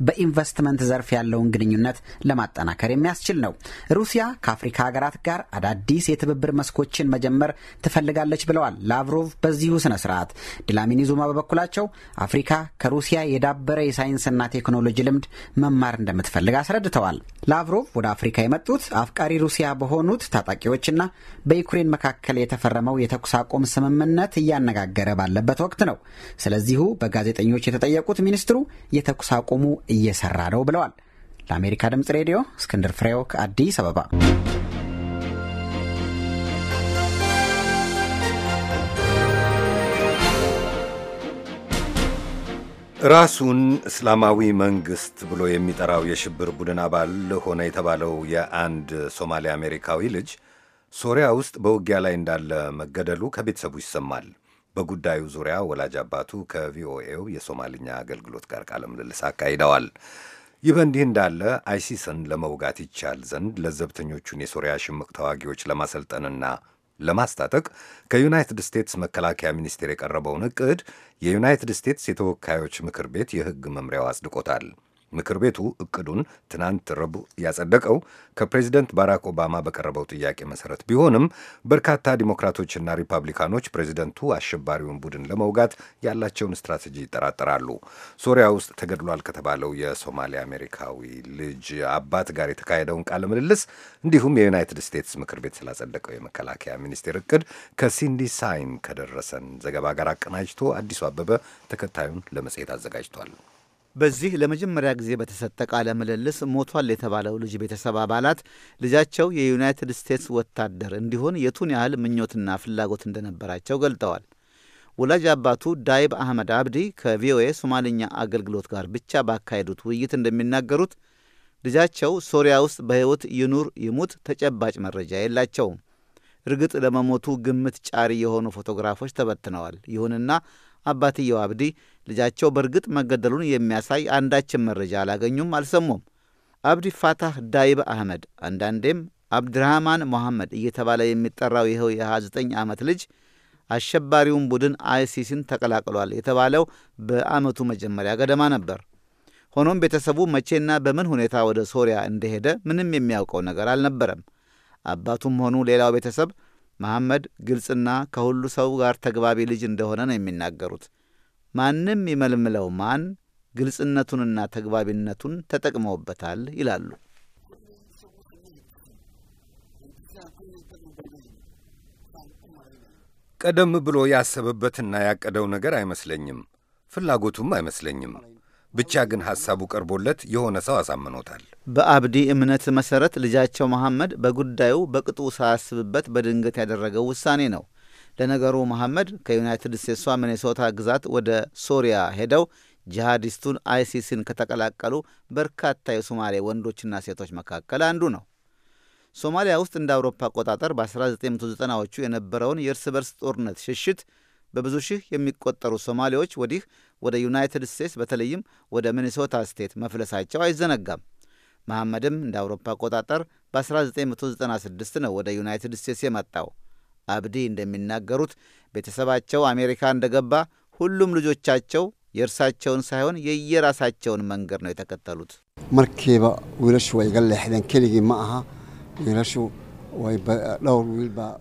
በኢንቨስትመንት ዘርፍ ያለውን ግንኙነት ለማጠናከር የሚያስችል ነው። ሩሲያ ከአፍሪካ ሀገራት ጋር አዳዲስ የትብብር መስኮችን መጀመር ትፈልጋለች ብለዋል ላቭሮቭ በዚሁ ስነ ስርዓት። ድላሚኒ ዙማ በበኩላቸው አፍሪካ ከሩሲያ የዳበረ የሳይንስና ቴክኖሎጂ ልምድ መማር እንደምትፈልግ አስረድተዋል። ላቭሮቭ ወደ አፍሪካ የመጡት አፍቃሪ ሩሲያ በሆኑት ታጣቂዎችና በዩክሬን መካከል የተፈረመው የተኩስ አቁም ስምምነት እያነጋገረ ባለበት ወቅት ነው። ስለዚሁ በጋዜጠኞች የተጠየቁት ሚኒስትሩ የተኩስ አቁሙ እየሰራ ነው ብለዋል። ለአሜሪካ ድምጽ ሬዲዮ እስክንድር ፍሬው ከአዲስ አበባ ራሱን እስላማዊ መንግስት ብሎ የሚጠራው የሽብር ቡድን አባል ሆነ የተባለው የአንድ ሶማሌ አሜሪካዊ ልጅ ሶሪያ ውስጥ በውጊያ ላይ እንዳለ መገደሉ ከቤተሰቡ ይሰማል። በጉዳዩ ዙሪያ ወላጅ አባቱ ከቪኦኤው የሶማልኛ አገልግሎት ጋር ቃለ ምልልስ አካሂደዋል። ይህ በእንዲህ እንዳለ አይሲስን ለመውጋት ይቻል ዘንድ ለዘብተኞቹን የሶሪያ ሽምቅ ተዋጊዎች ለማሰልጠንና ለማስታጠቅ ከዩናይትድ ስቴትስ መከላከያ ሚኒስቴር የቀረበውን እቅድ የዩናይትድ ስቴትስ የተወካዮች ምክር ቤት የሕግ መምሪያው አጽድቆታል። ምክር ቤቱ እቅዱን ትናንት ረቡዕ ያጸደቀው ከፕሬዚደንት ባራክ ኦባማ በቀረበው ጥያቄ መሰረት ቢሆንም በርካታ ዲሞክራቶችና ሪፐብሊካኖች ፕሬዚደንቱ አሸባሪውን ቡድን ለመውጋት ያላቸውን ስትራቴጂ ይጠራጠራሉ። ሶሪያ ውስጥ ተገድሏል ከተባለው የሶማሊያ አሜሪካዊ ልጅ አባት ጋር የተካሄደውን ቃለ ምልልስ እንዲሁም የዩናይትድ ስቴትስ ምክር ቤት ስላጸደቀው የመከላከያ ሚኒስቴር እቅድ ከሲንዲ ሳይን ከደረሰን ዘገባ ጋር አቀናጅቶ አዲሱ አበበ ተከታዩን ለመጽሔት አዘጋጅቷል። በዚህ ለመጀመሪያ ጊዜ በተሰጠ ቃለ ምልልስ ሞቷል የተባለው ልጅ ቤተሰብ አባላት ልጃቸው የዩናይትድ ስቴትስ ወታደር እንዲሆን የቱን ያህል ምኞትና ፍላጎት እንደነበራቸው ገልጠዋል። ወላጅ አባቱ ዳይብ አህመድ አብዲ ከቪኦኤ ሶማልኛ አገልግሎት ጋር ብቻ ባካሄዱት ውይይት እንደሚናገሩት ልጃቸው ሶሪያ ውስጥ በሕይወት ይኑር ይሙት ተጨባጭ መረጃ የላቸውም። እርግጥ ለመሞቱ ግምት ጫሪ የሆኑ ፎቶግራፎች ተበትነዋል። ይሁንና አባትየው አብዲ ልጃቸው በእርግጥ መገደሉን የሚያሳይ አንዳችን መረጃ አላገኙም፣ አልሰሙም። አብዲ ፋታህ ዳይብ አህመድ አንዳንዴም አብድራህማን ሞሐመድ እየተባለ የሚጠራው ይኸው የ29 ዓመት ልጅ አሸባሪውን ቡድን አይሲስን ተቀላቅሏል የተባለው በዓመቱ መጀመሪያ ገደማ ነበር። ሆኖም ቤተሰቡ መቼና በምን ሁኔታ ወደ ሶሪያ እንደሄደ ምንም የሚያውቀው ነገር አልነበረም። አባቱም ሆኑ ሌላው ቤተሰብ መሐመድ ግልጽና ከሁሉ ሰው ጋር ተግባቢ ልጅ እንደሆነ ነው የሚናገሩት። ማንም ይመልምለው ማን ግልጽነቱንና ተግባቢነቱን ተጠቅመውበታል ይላሉ። ቀደም ብሎ ያሰበበትና ያቀደው ነገር አይመስለኝም፣ ፍላጎቱም አይመስለኝም። ብቻ ግን ሐሳቡ ቀርቦለት የሆነ ሰው አሳምኖታል። በአብዲ እምነት መሠረት ልጃቸው መሐመድ በጉዳዩ በቅጡ ሳያስብበት በድንገት ያደረገው ውሳኔ ነው። ለነገሩ መሐመድ ከዩናይትድ ስቴትሷ ሚኔሶታ ግዛት ወደ ሶሪያ ሄደው ጂሃዲስቱን አይሲስን ከተቀላቀሉ በርካታ የሶማሌ ወንዶችና ሴቶች መካከል አንዱ ነው። ሶማሊያ ውስጥ እንደ አውሮፓ አቆጣጠር በ1990ዎቹ የነበረውን የእርስ በርስ ጦርነት ሽሽት በብዙ ሺህ የሚቆጠሩ ሶማሌዎች ወዲህ ወደ ዩናይትድ ስቴትስ በተለይም ወደ ሚኒሶታ ስቴት መፍለሳቸው አይዘነጋም። መሐመድም እንደ አውሮፓ አቆጣጠር በ1996 ነው ወደ ዩናይትድ ስቴትስ የመጣው። አብዲ እንደሚናገሩት ቤተሰባቸው አሜሪካ እንደገባ ሁሉም ልጆቻቸው የእርሳቸውን ሳይሆን የየራሳቸውን መንገድ ነው የተከተሉት። መርኬባ ገለ ሕደን ክልጊ ማአሃ ውለሹ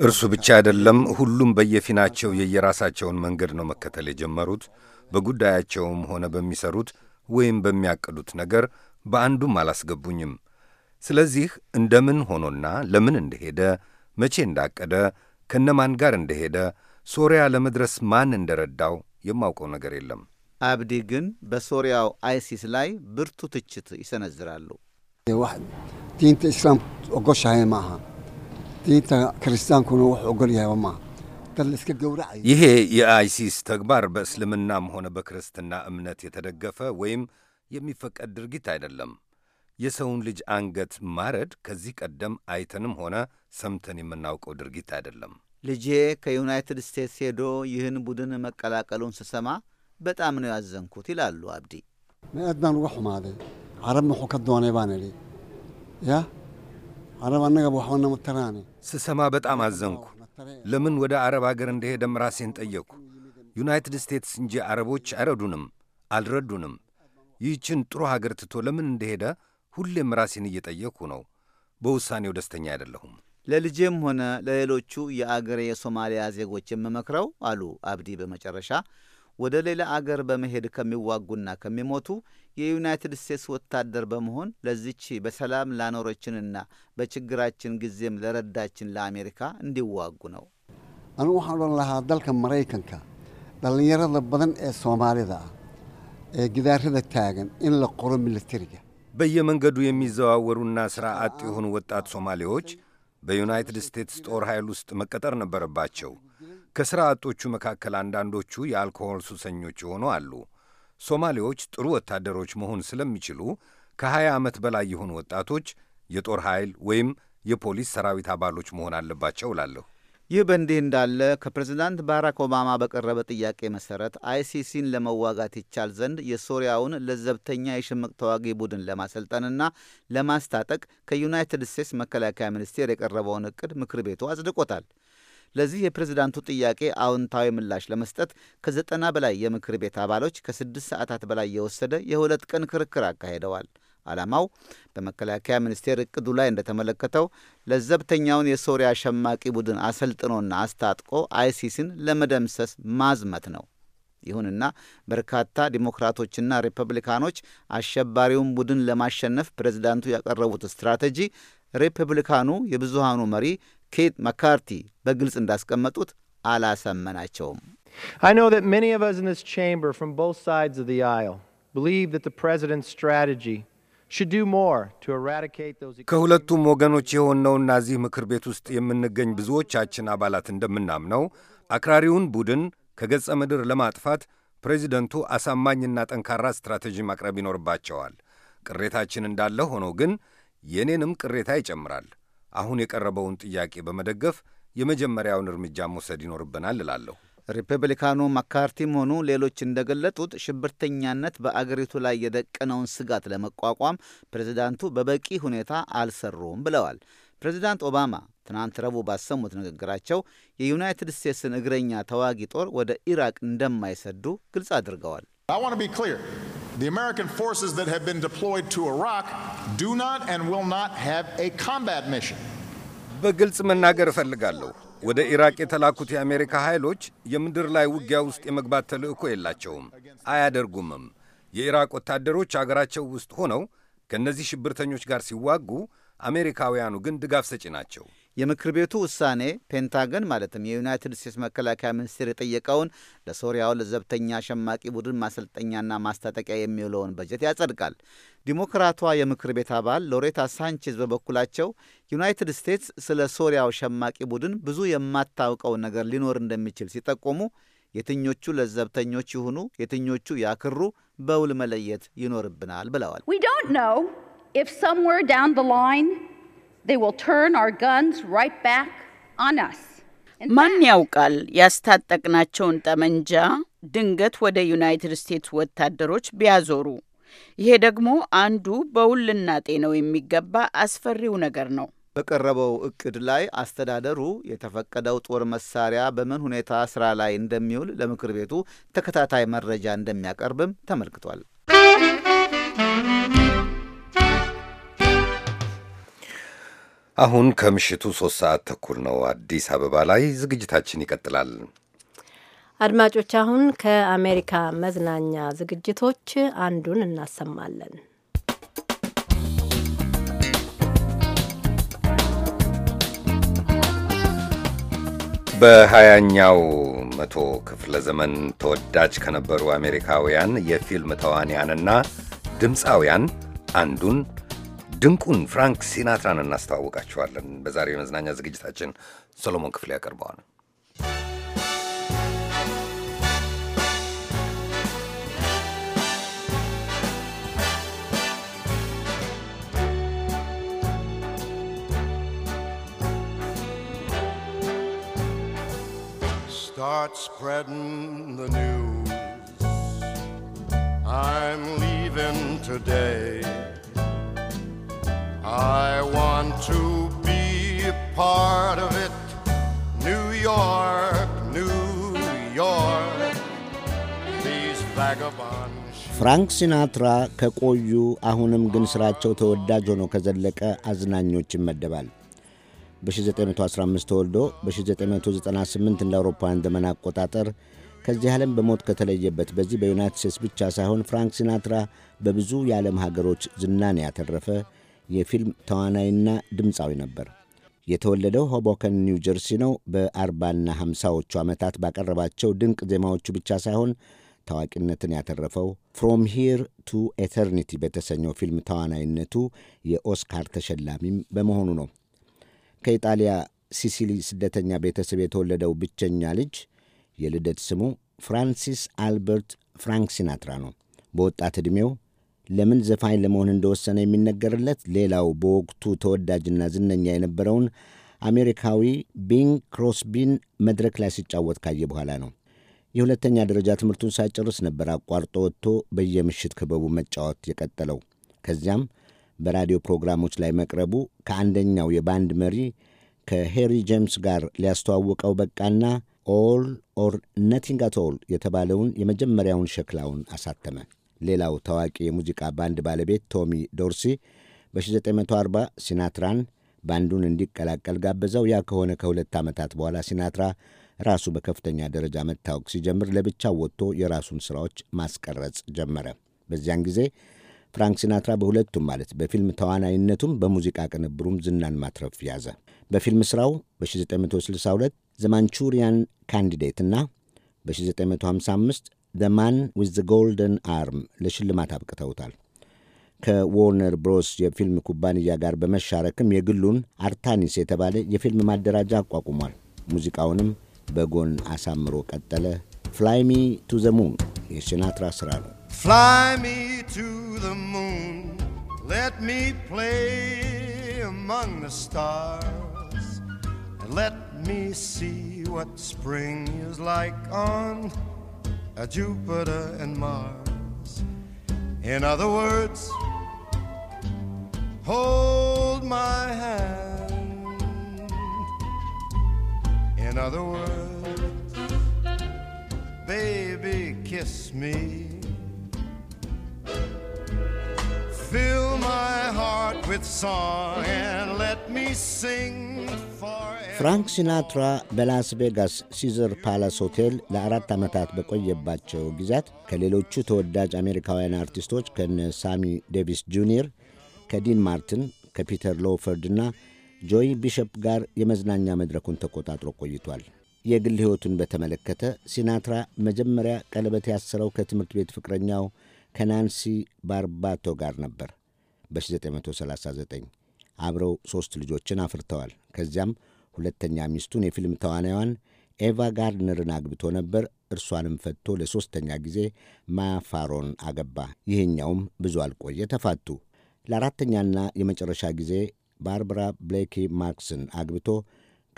እርሱ ብቻ አይደለም፣ ሁሉም በየፊናቸው የየራሳቸውን መንገድ ነው መከተል የጀመሩት። በጉዳያቸውም ሆነ በሚሰሩት ወይም በሚያቅዱት ነገር በአንዱም አላስገቡኝም። ስለዚህ እንደምን ሆኖና ለምን እንደሄደ መቼ እንዳቀደ ከነማን ጋር እንደሄደ ሶሪያ ለመድረስ ማን እንደረዳው የማውቀው ነገር የለም። አብዲ ግን በሶሪያው አይሲስ ላይ ብርቱ ትችት ይሰነዝራሉ። ዲንተ እስላም ኦጎሻሀ ማሃ ዲንተ ክርስቲያን ኩኑ ውሕ ኦጎል ያማ ይሄ የአይሲስ ተግባር በእስልምናም ሆነ በክርስትና እምነት የተደገፈ ወይም የሚፈቀድ ድርጊት አይደለም። የሰውን ልጅ አንገት ማረድ ከዚህ ቀደም አይተንም ሆነ ሰምተን የምናውቀው ድርጊት አይደለም። ልጄ ከዩናይትድ ስቴትስ ሄዶ ይህን ቡድን መቀላቀሉን ስሰማ በጣም ነው ያዘንኩት ይላሉ አብዲ። ስሰማ በጣም አዘንኩ። ለምን ወደ አረብ አገር እንደሄደም ራሴን ጠየቅኩ። ዩናይትድ ስቴትስ እንጂ አረቦች አይረዱንም፣ አልረዱንም። ይህችን ጥሩ ሀገር ትቶ ለምን እንደሄደ ሁሌም ራሴን እየጠየቅኩ ነው። በውሳኔው ደስተኛ አይደለሁም። ለልጄም ሆነ ለሌሎቹ የአገሬ የሶማሊያ ዜጎች የምመክረው አሉ አብዲ በመጨረሻ ወደ ሌላ አገር በመሄድ ከሚዋጉና ከሚሞቱ የዩናይትድ ስቴትስ ወታደር በመሆን ለዚች በሰላም ላኖረችንና በችግራችን ጊዜም ለረዳችን ለአሜሪካ እንዲዋጉ ነው። አኑ waxaan odhan ላሃ ደልከ maraykanka dhalinyarada badan ee soomaalida ah ee gidaarada taagan in la በየመንገዱ የሚዘዋወሩና ሥራ አጥ የሆኑ ወጣት ሶማሌዎች በዩናይትድ ስቴትስ ጦር ኃይል ውስጥ መቀጠር ነበረባቸው። ከሥራ አጦቹ መካከል አንዳንዶቹ የአልኮሆል ሱሰኞች የሆኑ አሉ። ሶማሌዎች ጥሩ ወታደሮች መሆን ስለሚችሉ ከ20 ዓመት በላይ የሆኑ ወጣቶች የጦር ኃይል ወይም የፖሊስ ሰራዊት አባሎች መሆን አለባቸው እላለሁ። ይህ በእንዲህ እንዳለ ከፕሬዝዳንት ባራክ ኦባማ በቀረበ ጥያቄ መሰረት አይሲሲን ለመዋጋት ይቻል ዘንድ የሶሪያውን ለዘብተኛ የሽምቅ ተዋጊ ቡድን ለማሰልጠንና ለማስታጠቅ ከዩናይትድ ስቴትስ መከላከያ ሚኒስቴር የቀረበውን እቅድ ምክር ቤቱ አጽድቆታል። ለዚህ የፕሬዝዳንቱ ጥያቄ አዎንታዊ ምላሽ ለመስጠት ከዘጠና በላይ የምክር ቤት አባሎች ከስድስት ሰዓታት በላይ የወሰደ የሁለት ቀን ክርክር አካሂደዋል። ዓላማው በመከላከያ ሚኒስቴር እቅዱ ላይ እንደተመለከተው ለዘብተኛውን የሶሪያ አሸማቂ ቡድን አሰልጥኖና አስታጥቆ አይሲስን ለመደምሰስ ማዝመት ነው። ይሁንና በርካታ ዲሞክራቶችና ሪፐብሊካኖች አሸባሪውን ቡድን ለማሸነፍ ፕሬዚዳንቱ ያቀረቡት ስትራቴጂ ሪፐብሊካኑ የብዙሃኑ መሪ ኬት መካርቲ በግልጽ እንዳስቀመጡት አላሰመናቸውም። I know that many of us in this chamber from both sides of the aisle believe that the president's strategy ከሁለቱም ወገኖች የሆነውና እዚህ ምክር ቤት ውስጥ የምንገኝ ብዙዎቻችን አባላት እንደምናምነው አክራሪውን ቡድን ከገጸ ምድር ለማጥፋት ፕሬዚደንቱ አሳማኝና ጠንካራ ስትራቴጂ ማቅረብ ይኖርባቸዋል። ቅሬታችን እንዳለ ሆኖ ግን የእኔንም ቅሬታ ይጨምራል። አሁን የቀረበውን ጥያቄ በመደገፍ የመጀመሪያውን እርምጃ መውሰድ ይኖርብናል እላለሁ። ሪፐብሊካኑ ማካርቲም ሆኑ ሌሎች እንደገለጡት ሽብርተኛነት በአገሪቱ ላይ የደቀነውን ስጋት ለመቋቋም ፕሬዚዳንቱ በበቂ ሁኔታ አልሰሩም ብለዋል። ፕሬዚዳንት ኦባማ ትናንት ረቡዕ ባሰሙት ንግግራቸው የዩናይትድ ስቴትስን እግረኛ ተዋጊ ጦር ወደ ኢራቅ እንደማይሰዱ ግልጽ አድርገዋል። በግልጽ መናገር እፈልጋለሁ ወደ ኢራቅ የተላኩት የአሜሪካ ኃይሎች የምድር ላይ ውጊያ ውስጥ የመግባት ተልእኮ የላቸውም፣ አያደርጉምም። የኢራቅ ወታደሮች አገራቸው ውስጥ ሆነው ከእነዚህ ሽብርተኞች ጋር ሲዋጉ፣ አሜሪካውያኑ ግን ድጋፍ ሰጪ ናቸው። የምክር ቤቱ ውሳኔ ፔንታገን ማለትም የዩናይትድ ስቴትስ መከላከያ ሚኒስቴር የጠየቀውን ለሶሪያው ለዘብተኛ ሸማቂ ቡድን ማሰልጠኛና ማስታጠቂያ የሚውለውን በጀት ያጸድቃል። ዲሞክራቷ የምክር ቤት አባል ሎሬታ ሳንቼዝ በበኩላቸው ዩናይትድ ስቴትስ ስለ ሶሪያው ሸማቂ ቡድን ብዙ የማታውቀው ነገር ሊኖር እንደሚችል ሲጠቆሙ የትኞቹ ለዘብተኞች ይሁኑ የትኞቹ ያክሩ በውል መለየት ይኖርብናል ብለዋል። ማን ያውቃል ያስታጠቅናቸውን ጠመንጃ ድንገት ወደ ዩናይትድ ስቴትስ ወታደሮች ቢያዞሩ ይሄ ደግሞ አንዱ በውል ነው የሚገባ አስፈሪው ነገር ነው። በቀረበው እቅድ ላይ አስተዳደሩ የተፈቀደው ጦር መሳሪያ በምን ሁኔታ ስራ ላይ እንደሚውል ለምክር ቤቱ ተከታታይ መረጃ እንደሚያቀርብም ተመልክቷል። አሁን ከምሽቱ ሶስት ሰዓት ተኩል ነው። አዲስ አበባ ላይ ዝግጅታችን ይቀጥላል። አድማጮች፣ አሁን ከአሜሪካ መዝናኛ ዝግጅቶች አንዱን እናሰማለን። በሀያኛው መቶ ክፍለ ዘመን ተወዳጅ ከነበሩ አሜሪካውያን የፊልም ተዋንያንና ድምፃውያን አንዱን ድንቁን ፍራንክ ሲናትራን እናስተዋውቃቸዋለን። በዛሬው የመዝናኛ ዝግጅታችን ሰሎሞን ክፍሌ ያቀርበዋል። start spreading the news. I'm leaving today. I want to be a part of it. New York, New York. These vagabonds. ፍራንክ ሲናትራ ከቆዩ አሁንም ግን ስራቸው ተወዳጅ ሆኖ ከዘለቀ አዝናኞች ይመደባል። በ1915 ተወልዶ በ1998 እንደ አውሮፓውያን ዘመን አቆጣጠር ከዚህ ዓለም በሞት ከተለየበት በዚህ በዩናይት ስቴትስ ብቻ ሳይሆን ፍራንክ ሲናትራ በብዙ የዓለም ሀገሮች ዝናን ያተረፈ የፊልም ተዋናይና ድምፃዊ ነበር። የተወለደው ሆቦከን ኒው ጀርሲ ነው። በአርባና ሃምሳዎቹ ዓመታት ባቀረባቸው ድንቅ ዜማዎቹ ብቻ ሳይሆን ታዋቂነትን ያተረፈው ፍሮም ሂር ቱ ኤተርኒቲ በተሰኘው ፊልም ተዋናይነቱ የኦስካር ተሸላሚም በመሆኑ ነው። ከኢጣሊያ ሲሲሊ ስደተኛ ቤተሰብ የተወለደው ብቸኛ ልጅ የልደት ስሙ ፍራንሲስ አልበርት ፍራንክ ሲናትራ ነው። በወጣት ዕድሜው ለምን ዘፋኝ ለመሆን እንደወሰነ የሚነገርለት ሌላው በወቅቱ ተወዳጅና ዝነኛ የነበረውን አሜሪካዊ ቢንግ ክሮስቢን መድረክ ላይ ሲጫወት ካየ በኋላ ነው። የሁለተኛ ደረጃ ትምህርቱን ሳይጨርስ ነበር አቋርጦ ወጥቶ በየምሽት ክበቡ መጫወት የቀጠለው። ከዚያም በራዲዮ ፕሮግራሞች ላይ መቅረቡ ከአንደኛው የባንድ መሪ ከሄሪ ጄምስ ጋር ሊያስተዋውቀው በቃና ኦል ኦር ነቲንግ አት ኦል የተባለውን የመጀመሪያውን ሸክላውን አሳተመ። ሌላው ታዋቂ የሙዚቃ ባንድ ባለቤት ቶሚ ዶርሲ በ1940 ሲናትራን ባንዱን እንዲቀላቀል ጋበዘው። ያ ከሆነ ከሁለት ዓመታት በኋላ ሲናትራ ራሱ በከፍተኛ ደረጃ መታወቅ ሲጀምር ለብቻው ወጥቶ የራሱን ሥራዎች ማስቀረጽ ጀመረ። በዚያን ጊዜ ፍራንክ ሲናትራ በሁለቱም ማለት በፊልም ተዋናይነቱም በሙዚቃ ቅንብሩም ዝናን ማትረፍ ያዘ። በፊልም ሥራው በ1962 ዘማንቹሪያን ካንዲዴት እና በ1955 ማን ዊዝ ዘ ጎልደን አርም ለሽልማት አብቅተውታል። ከዎርነር ብሮስ የፊልም ኩባንያ ጋር በመሻረክም የግሉን አርታኒስ የተባለ የፊልም ማደራጃ አቋቁሟል። ሙዚቃውንም በጎን አሳምሮ ቀጠለ። ፍላይሚ ቱ ዘ ሙን የሲናትራ ሥራ ነው። Fly me to the moon, let me play among the stars, and let me see what spring is like on Jupiter and Mars. In other words, hold my hand. In other words, baby, kiss me. ፍራንክ ሲናትራ በላስ ቬጋስ ሲዘር ፓላስ ሆቴል ለአራት ዓመታት በቆየባቸው ጊዜያት ከሌሎቹ ተወዳጅ አሜሪካውያን አርቲስቶች ከነ ሳሚ ዴቪስ ጁኒየር፣ ከዲን ማርትን፣ ከፒተር ሎውፈርድ እና ጆይ ቢሸፕ ጋር የመዝናኛ መድረኩን ተቆጣጥሮ ቆይቷል። የግል ሕይወቱን በተመለከተ ሲናትራ መጀመሪያ ቀለበት ያሰረው ከትምህርት ቤት ፍቅረኛው ከናንሲ ባርባቶ ጋር ነበር። በ1939 አብረው ሦስት ልጆችን አፍርተዋል። ከዚያም ሁለተኛ ሚስቱን የፊልም ተዋናዋን ኤቫ ጋርድነርን አግብቶ ነበር። እርሷንም ፈቶ ለሦስተኛ ጊዜ ማያፋሮን አገባ። ይህኛውም ብዙ አልቆየ፣ ተፋቱ። ለአራተኛና የመጨረሻ ጊዜ ባርበራ ብሌኪ ማርክስን አግብቶ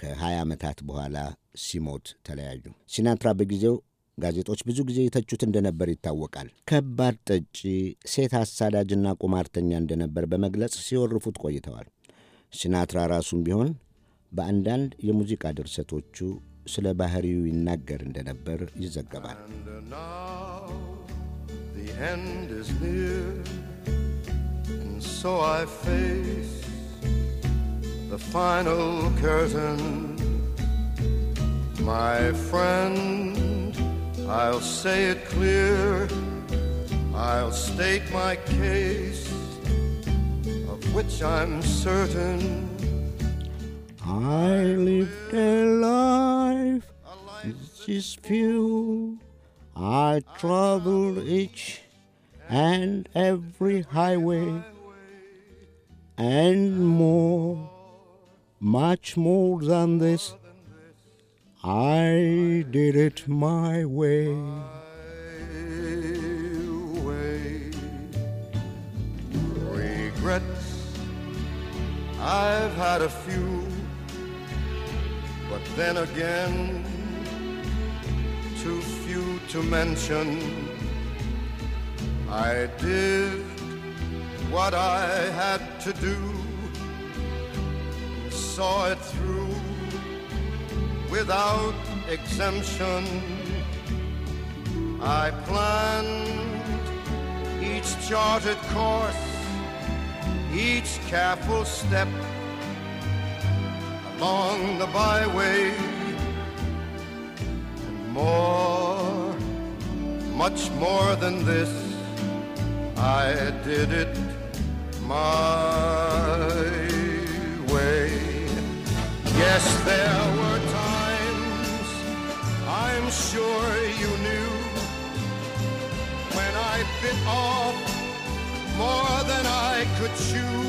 ከ20 ዓመታት በኋላ ሲሞት ተለያዩ። ሲናትራ በጊዜው ጋዜጦች ብዙ ጊዜ ይተቹት እንደነበር ይታወቃል። ከባድ ጠጪ፣ ሴት አሳዳጅና ቁማርተኛ እንደነበር በመግለጽ ሲወርፉት ቆይተዋል። ሲናትራ ራሱም ቢሆን በአንዳንድ የሙዚቃ ድርሰቶቹ ስለ ባህሪው ይናገር እንደነበር ይዘገባል። My friend I'll say it clear, I'll state my case, of which I'm certain. I lived a life is few. I traveled each and every highway and more, much more than this I did it my way. way. Regrets, I've had a few, but then again, too few to mention. I did what I had to do, saw it through without exemption. I planned each charted course, each careful step along the byway, and more, much more than this, I did it my way. Yes, there were. sure you knew when I bit off more than I could chew.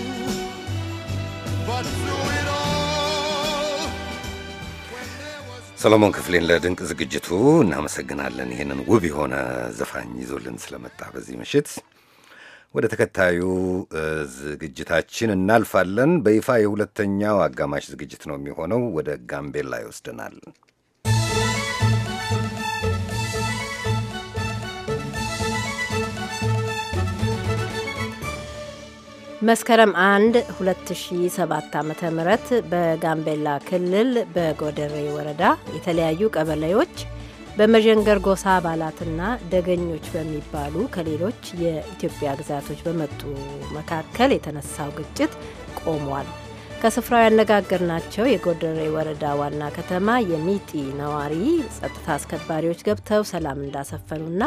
But through it all, ሰሎሞን ክፍሌን ለድንቅ ዝግጅቱ እናመሰግናለን። ይህንን ውብ የሆነ ዘፋኝ ይዞልን ስለመጣ በዚህ ምሽት ወደ ተከታዩ ዝግጅታችን እናልፋለን። በይፋ የሁለተኛው አጋማሽ ዝግጅት ነው የሚሆነው። ወደ ጋምቤላ ይወስደናል። መስከረም 1 2007 ዓ ም በጋምቤላ ክልል በጎደሬ ወረዳ የተለያዩ ቀበሌዎች በመዠንገር ጎሳ አባላትና ደገኞች በሚባሉ ከሌሎች የኢትዮጵያ ግዛቶች በመጡ መካከል የተነሳው ግጭት ቆሟል። ከስፍራው ያነጋገርናቸው የጎደሬ ወረዳ ዋና ከተማ የሚጢ ነዋሪ ጸጥታ አስከባሪዎች ገብተው ሰላም እንዳሰፈኑና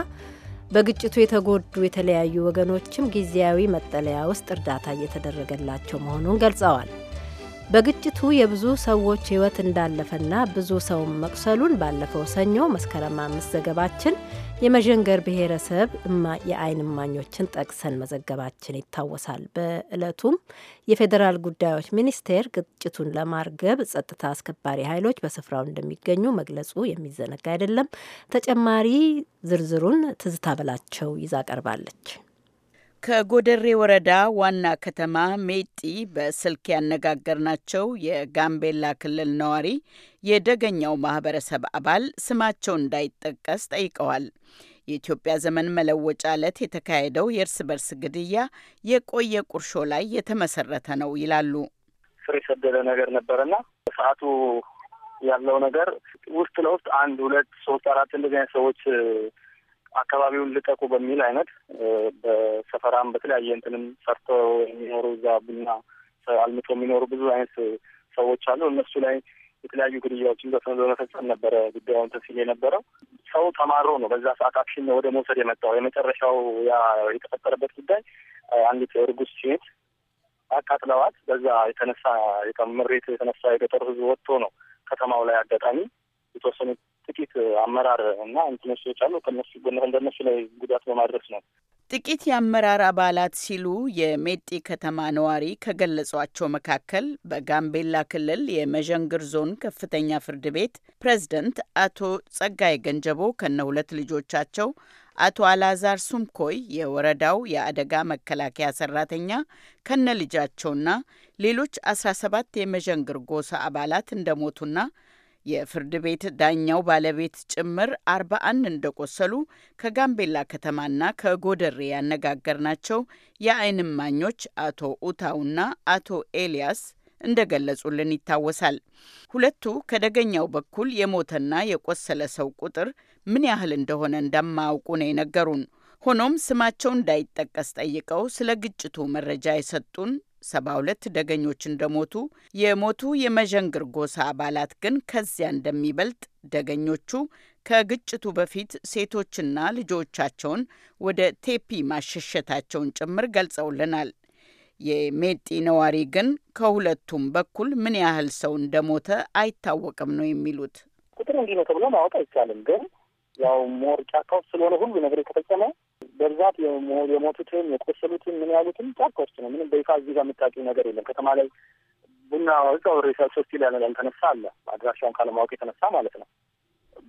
በግጭቱ የተጎዱ የተለያዩ ወገኖችም ጊዜያዊ መጠለያ ውስጥ እርዳታ እየተደረገላቸው መሆኑን ገልጸዋል። በግጭቱ የብዙ ሰዎች ሕይወት እንዳለፈና ብዙ ሰውም መቁሰሉን ባለፈው ሰኞ መስከረም አምስት ዘገባችን የመዠንገር ብሔረሰብ የአይን እማኞችን ጠቅሰን መዘገባችን ይታወሳል። በእለቱም የፌዴራል ጉዳዮች ሚኒስቴር ግጭቱን ለማርገብ ጸጥታ አስከባሪ ኃይሎች በስፍራው እንደሚገኙ መግለጹ የሚዘነጋ አይደለም። ተጨማሪ ዝርዝሩን ትዝታ በላቸው ይዛ ቀርባለች። ከጎደሬ ወረዳ ዋና ከተማ ሜጢ በስልክ ያነጋገርናቸው የጋምቤላ ክልል ነዋሪ የደገኛው ማህበረሰብ አባል ስማቸው እንዳይጠቀስ ጠይቀዋል። የኢትዮጵያ ዘመን መለወጫ ዕለት የተካሄደው የእርስ በርስ ግድያ የቆየ ቁርሾ ላይ የተመሰረተ ነው ይላሉ። ስር የሰደደ ነገር ነበረና በሰዓቱ ያለው ነገር ውስጥ ለውስጥ አንድ ሁለት ሶስት አራት እንደዚህ አይነት ሰዎች አካባቢውን ልቀቁ በሚል አይነት በሰፈራም በተለያየ እንትንም ሰርቶ የሚኖሩ እዛ ቡና አልምቶ የሚኖሩ ብዙ አይነት ሰዎች አሉ። እነሱ ላይ የተለያዩ ግድያዎችን በመፈጸም ነበረ ጉዳዩን ተሲል የነበረው ሰው ተማሮ ነው በዛ ሰዓት አክሽን ወደ መውሰድ የመጣው። የመጨረሻው ያ የተፈጠረበት ጉዳይ አንዲት እርጉዝ ሴት አቃጥለዋት በዛ የተነሳ ምሬት የተነሳ የገጠር ህዝብ ወጥቶ ነው ከተማው ላይ አጋጣሚ የተወሰኑ ጥቂት አመራር እና እንትኖች አሉ ከነሱ እንደነሱ ላይ ጉዳት በማድረስ ነው። ጥቂት የአመራር አባላት ሲሉ የሜጢ ከተማ ነዋሪ ከገለጿቸው መካከል በጋምቤላ ክልል የመዠንግር ዞን ከፍተኛ ፍርድ ቤት ፕሬዝደንት አቶ ጸጋይ ገንጀቦ ከነ ሁለት ልጆቻቸው፣ አቶ አላዛር ሱምኮይ የወረዳው የአደጋ መከላከያ ሰራተኛ ከነ ልጃቸውና ሌሎች 17 የመዠንግር ጎሳ አባላት እንደሞቱና የፍርድ ቤት ዳኛው ባለቤት ጭምር አርባ አንድ እንደቆሰሉ ከጋምቤላ ከተማና ከጎደሬ ያነጋገርናቸው የዓይን እማኞች አቶ ኡታውና አቶ ኤልያስ እንደገለጹልን ይታወሳል። ሁለቱ ከደገኛው በኩል የሞተና የቆሰለ ሰው ቁጥር ምን ያህል እንደሆነ እንደማያውቁ ነው የነገሩን። ሆኖም ስማቸው እንዳይጠቀስ ጠይቀው ስለ ግጭቱ መረጃ የሰጡን 72 ደገኞች እንደሞቱ፣ የሞቱ የመዠንግር ጎሳ አባላት ግን ከዚያ እንደሚበልጥ ደገኞቹ ከግጭቱ በፊት ሴቶችና ልጆቻቸውን ወደ ቴፒ ማሸሸታቸውን ጭምር ገልጸውልናል። የሜጢ ነዋሪ ግን ከሁለቱም በኩል ምን ያህል ሰው እንደሞተ አይታወቅም ነው የሚሉት። ቁጥር እንዲህ ነው ተብሎ ማወቅ አይቻልም። ግን ያው ሞር ጫካ ስለሆነ ሁሉ ነገር የተፈጸመው በብዛት የሞቱትም የቆሰሉትም ምን ያሉትም ጫካ ውስጥ ነው። ምንም በይፋ እዚህ ጋር የምታውቂው ነገር የለም። ከተማ ላይ ቡና እዛው ሬሳ ሶስት ይላል ያልተነሳ አለ። አድራሻውን ካለማወቅ የተነሳ ማለት ነው።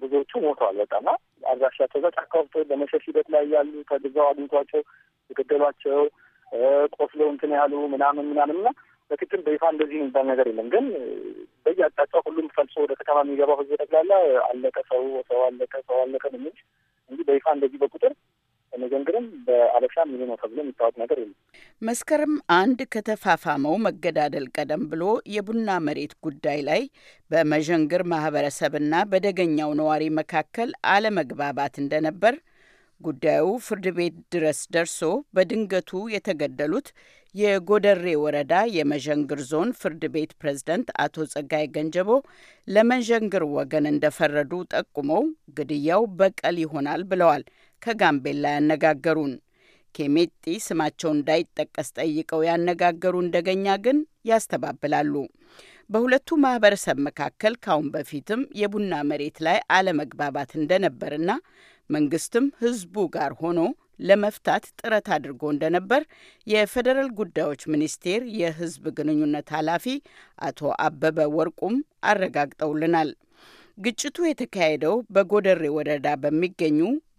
ብዙዎቹ ሞተዋል። በጣም አድራሻቸው እዛ ጫካ ውስጥ በመሸሽ ሂደት ላይ ያሉ ተድዛው አግኝቷቸው የገደሏቸው ቆስለው እንትን ያሉ ምናምን ምናምን እና በክትል በይፋ እንደዚህ የሚባል ነገር የለም። ግን በየአቅጣጫው ሁሉም ፈልሶ ወደ ከተማ የሚገባው ህዝብ ጠቅላላ አለቀ፣ ሰው ሰው አለቀ፣ ሰው አለቀ ነው እንጂ በይፋ እንደዚህ በቁጥር መጀንግርም በአለክሳም ይሄ ነው ተብሎ የሚታወቅ ነገር የለም። መስከረም አንድ ከተፋፋመው መገዳደል ቀደም ብሎ የቡና መሬት ጉዳይ ላይ በመዠንግር ማህበረሰብና በደገኛው ነዋሪ መካከል አለመግባባት እንደነበር ጉዳዩ ፍርድ ቤት ድረስ ደርሶ በድንገቱ የተገደሉት የጎደሬ ወረዳ የመዠንግር ዞን ፍርድ ቤት ፕሬዝደንት አቶ ጸጋይ ገንጀቦ ለመዠንግር ወገን እንደፈረዱ ጠቁመው ግድያው በቀል ይሆናል ብለዋል። ከጋምቤላ ያነጋገሩን። ኬሜጢ ስማቸው እንዳይጠቀስ ጠይቀው ያነጋገሩ እንደገኛ ግን ያስተባብላሉ። በሁለቱ ማህበረሰብ መካከል ካሁን በፊትም የቡና መሬት ላይ አለመግባባት እንደነበርና መንግስትም ህዝቡ ጋር ሆኖ ለመፍታት ጥረት አድርጎ እንደነበር የፌዴራል ጉዳዮች ሚኒስቴር የህዝብ ግንኙነት ኃላፊ አቶ አበበ ወርቁም አረጋግጠውልናል። ግጭቱ የተካሄደው በጎደሬ ወረዳ በሚገኙ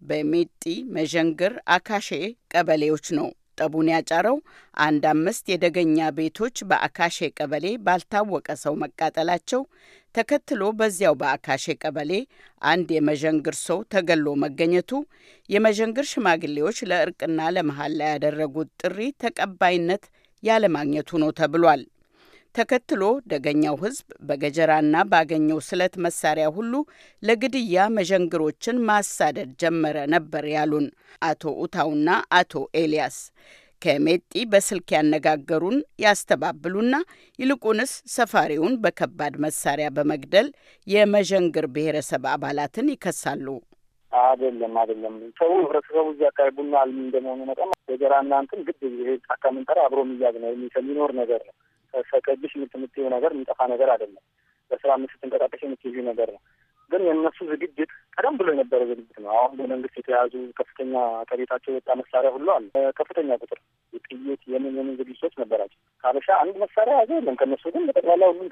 በሜጢ መዠንግር፣ አካሼ ቀበሌዎች ነው ጠቡን ያጫረው። አንድ አምስት የደገኛ ቤቶች በአካሼ ቀበሌ ባልታወቀ ሰው መቃጠላቸው ተከትሎ በዚያው በአካሼ ቀበሌ አንድ የመዠንግር ሰው ተገሎ መገኘቱ የመዠንግር ሽማግሌዎች ለእርቅና ለመሐላ ያደረጉት ጥሪ ተቀባይነት ያለማግኘቱ ነው ተብሏል። ተከትሎ ደገኛው ህዝብ በገጀራና ባገኘው ስለት መሳሪያ ሁሉ ለግድያ መዠንግሮችን ማሳደድ ጀመረ ነበር ያሉን አቶ ኡታውና አቶ ኤልያስ። ከሜጢ በስልክ ያነጋገሩን ያስተባብሉና ይልቁንስ ሰፋሪውን በከባድ መሳሪያ በመግደል የመዠንግር ብሔረሰብ አባላትን ይከሳሉ። አይደለም አይደለም። ሰው ህብረተሰቡ እዚህ አካባቢ ቡና አልሚ እንደመሆኑ መጠን ገጀራ እናንትን ግድ ጫካ ምንጠራ አብሮ የሚያዝ ነው የሚኖር ነገር ነው። ከእጅሽ የምትምትዩ ነገር የሚጠፋ ነገር አይደለም። በስራ ስትንቀሳቀሽ የምትይዙ ነገር ነው። ግን የእነሱ ዝግጅት ቀደም ብሎ የነበረ ዝግጅት ነው። አሁን በመንግስት የተያዙ ከፍተኛ ከቤታቸው የወጣ መሳሪያ ሁሉ አለ። ከፍተኛ ቁጥር የጥይት የምን የምን ዝግጅቶች ነበራቸው። ካበሻ አንድ መሳሪያ ያዘ የለም። ከእነሱ ግን በጠቅላላ ሁሉም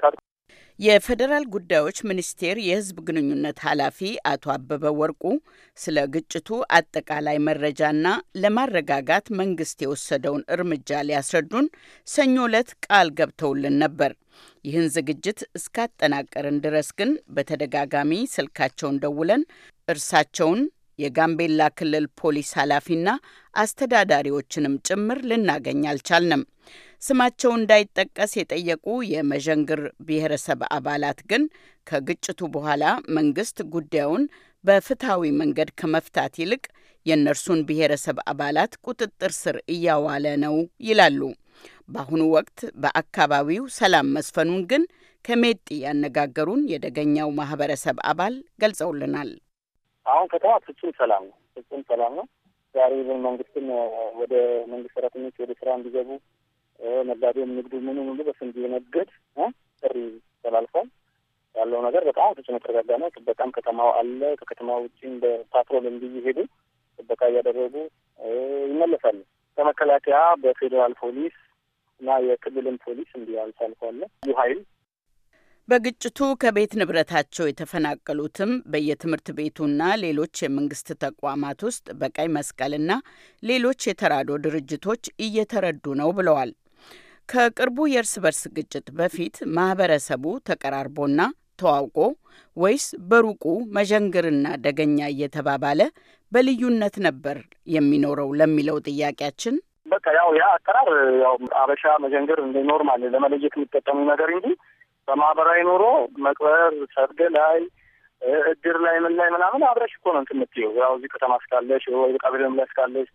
የፌዴራል ጉዳዮች ሚኒስቴር የህዝብ ግንኙነት ኃላፊ አቶ አበበ ወርቁ ስለ ግጭቱ አጠቃላይ መረጃና ለማረጋጋት መንግስት የወሰደውን እርምጃ ሊያስረዱን ሰኞ ዕለት ቃል ገብተውልን ነበር። ይህን ዝግጅት እስካጠናቀርን ድረስ ግን በተደጋጋሚ ስልካቸውን ደውለን እርሳቸውን የጋምቤላ ክልል ፖሊስ ኃላፊና አስተዳዳሪዎችንም ጭምር ልናገኝ አልቻልንም። ስማቸው እንዳይጠቀስ የጠየቁ የመዠንግር ብሔረሰብ አባላት ግን ከግጭቱ በኋላ መንግስት ጉዳዩን በፍትሐዊ መንገድ ከመፍታት ይልቅ የእነርሱን ብሔረሰብ አባላት ቁጥጥር ስር እያዋለ ነው ይላሉ። በአሁኑ ወቅት በአካባቢው ሰላም መስፈኑን ግን ከሜጢ ያነጋገሩን የደገኛው ማህበረሰብ አባል ገልጸውልናል። አሁን ከተማ ፍጹም ሰላም ነው። ፍጹም ሰላም ነው። ዛሬ ግን መንግስትም ወደ መንግስት ሰራተኞች ወደ ስራ እንዲገቡ ነጋዴም ንግዱ ምኑ ሙሉ በስንዴ ነግድ ጥሪ ተላልፏል። ያለው ነገር በጣም ፍጹም የተረጋጋ ነው። በጣም ከተማው አለ። ከከተማ ውጭም በፓትሮል እንዲሄዱ ጥበቃ እያደረጉ ይመለሳሉ። ከመከላከያ በፌዴራል ፖሊስ እና የክልልም ፖሊስ እንዲህ አልፎ አልፎ አለ ልዩ ኃይል በግጭቱ ከቤት ንብረታቸው የተፈናቀሉትም በየትምህርት ቤቱና ሌሎች የመንግስት ተቋማት ውስጥ በቀይ መስቀልና ሌሎች የተራዶ ድርጅቶች እየተረዱ ነው ብለዋል። ከቅርቡ የእርስ በርስ ግጭት በፊት ማህበረሰቡ ተቀራርቦና ተዋውቆ ወይስ በሩቁ መዠንግርና ደገኛ እየተባባለ በልዩነት ነበር የሚኖረው ለሚለው ጥያቄያችን በቃ ያው ያ አቀራር ያው አበሻ መዠንግር እንደ ኖርማል ለመለየት የሚጠቀሙ ነገር እንጂ በማህበራዊ ኑሮ መቅበር፣ ሰርግ ላይ፣ እድር ላይ፣ ምን ላይ ምናምን አብረሽ እኮ ነው እንትን የምትይው ያው እዚህ ከተማ እስካለሽ ወይ በቃ ላይ እስካለሽ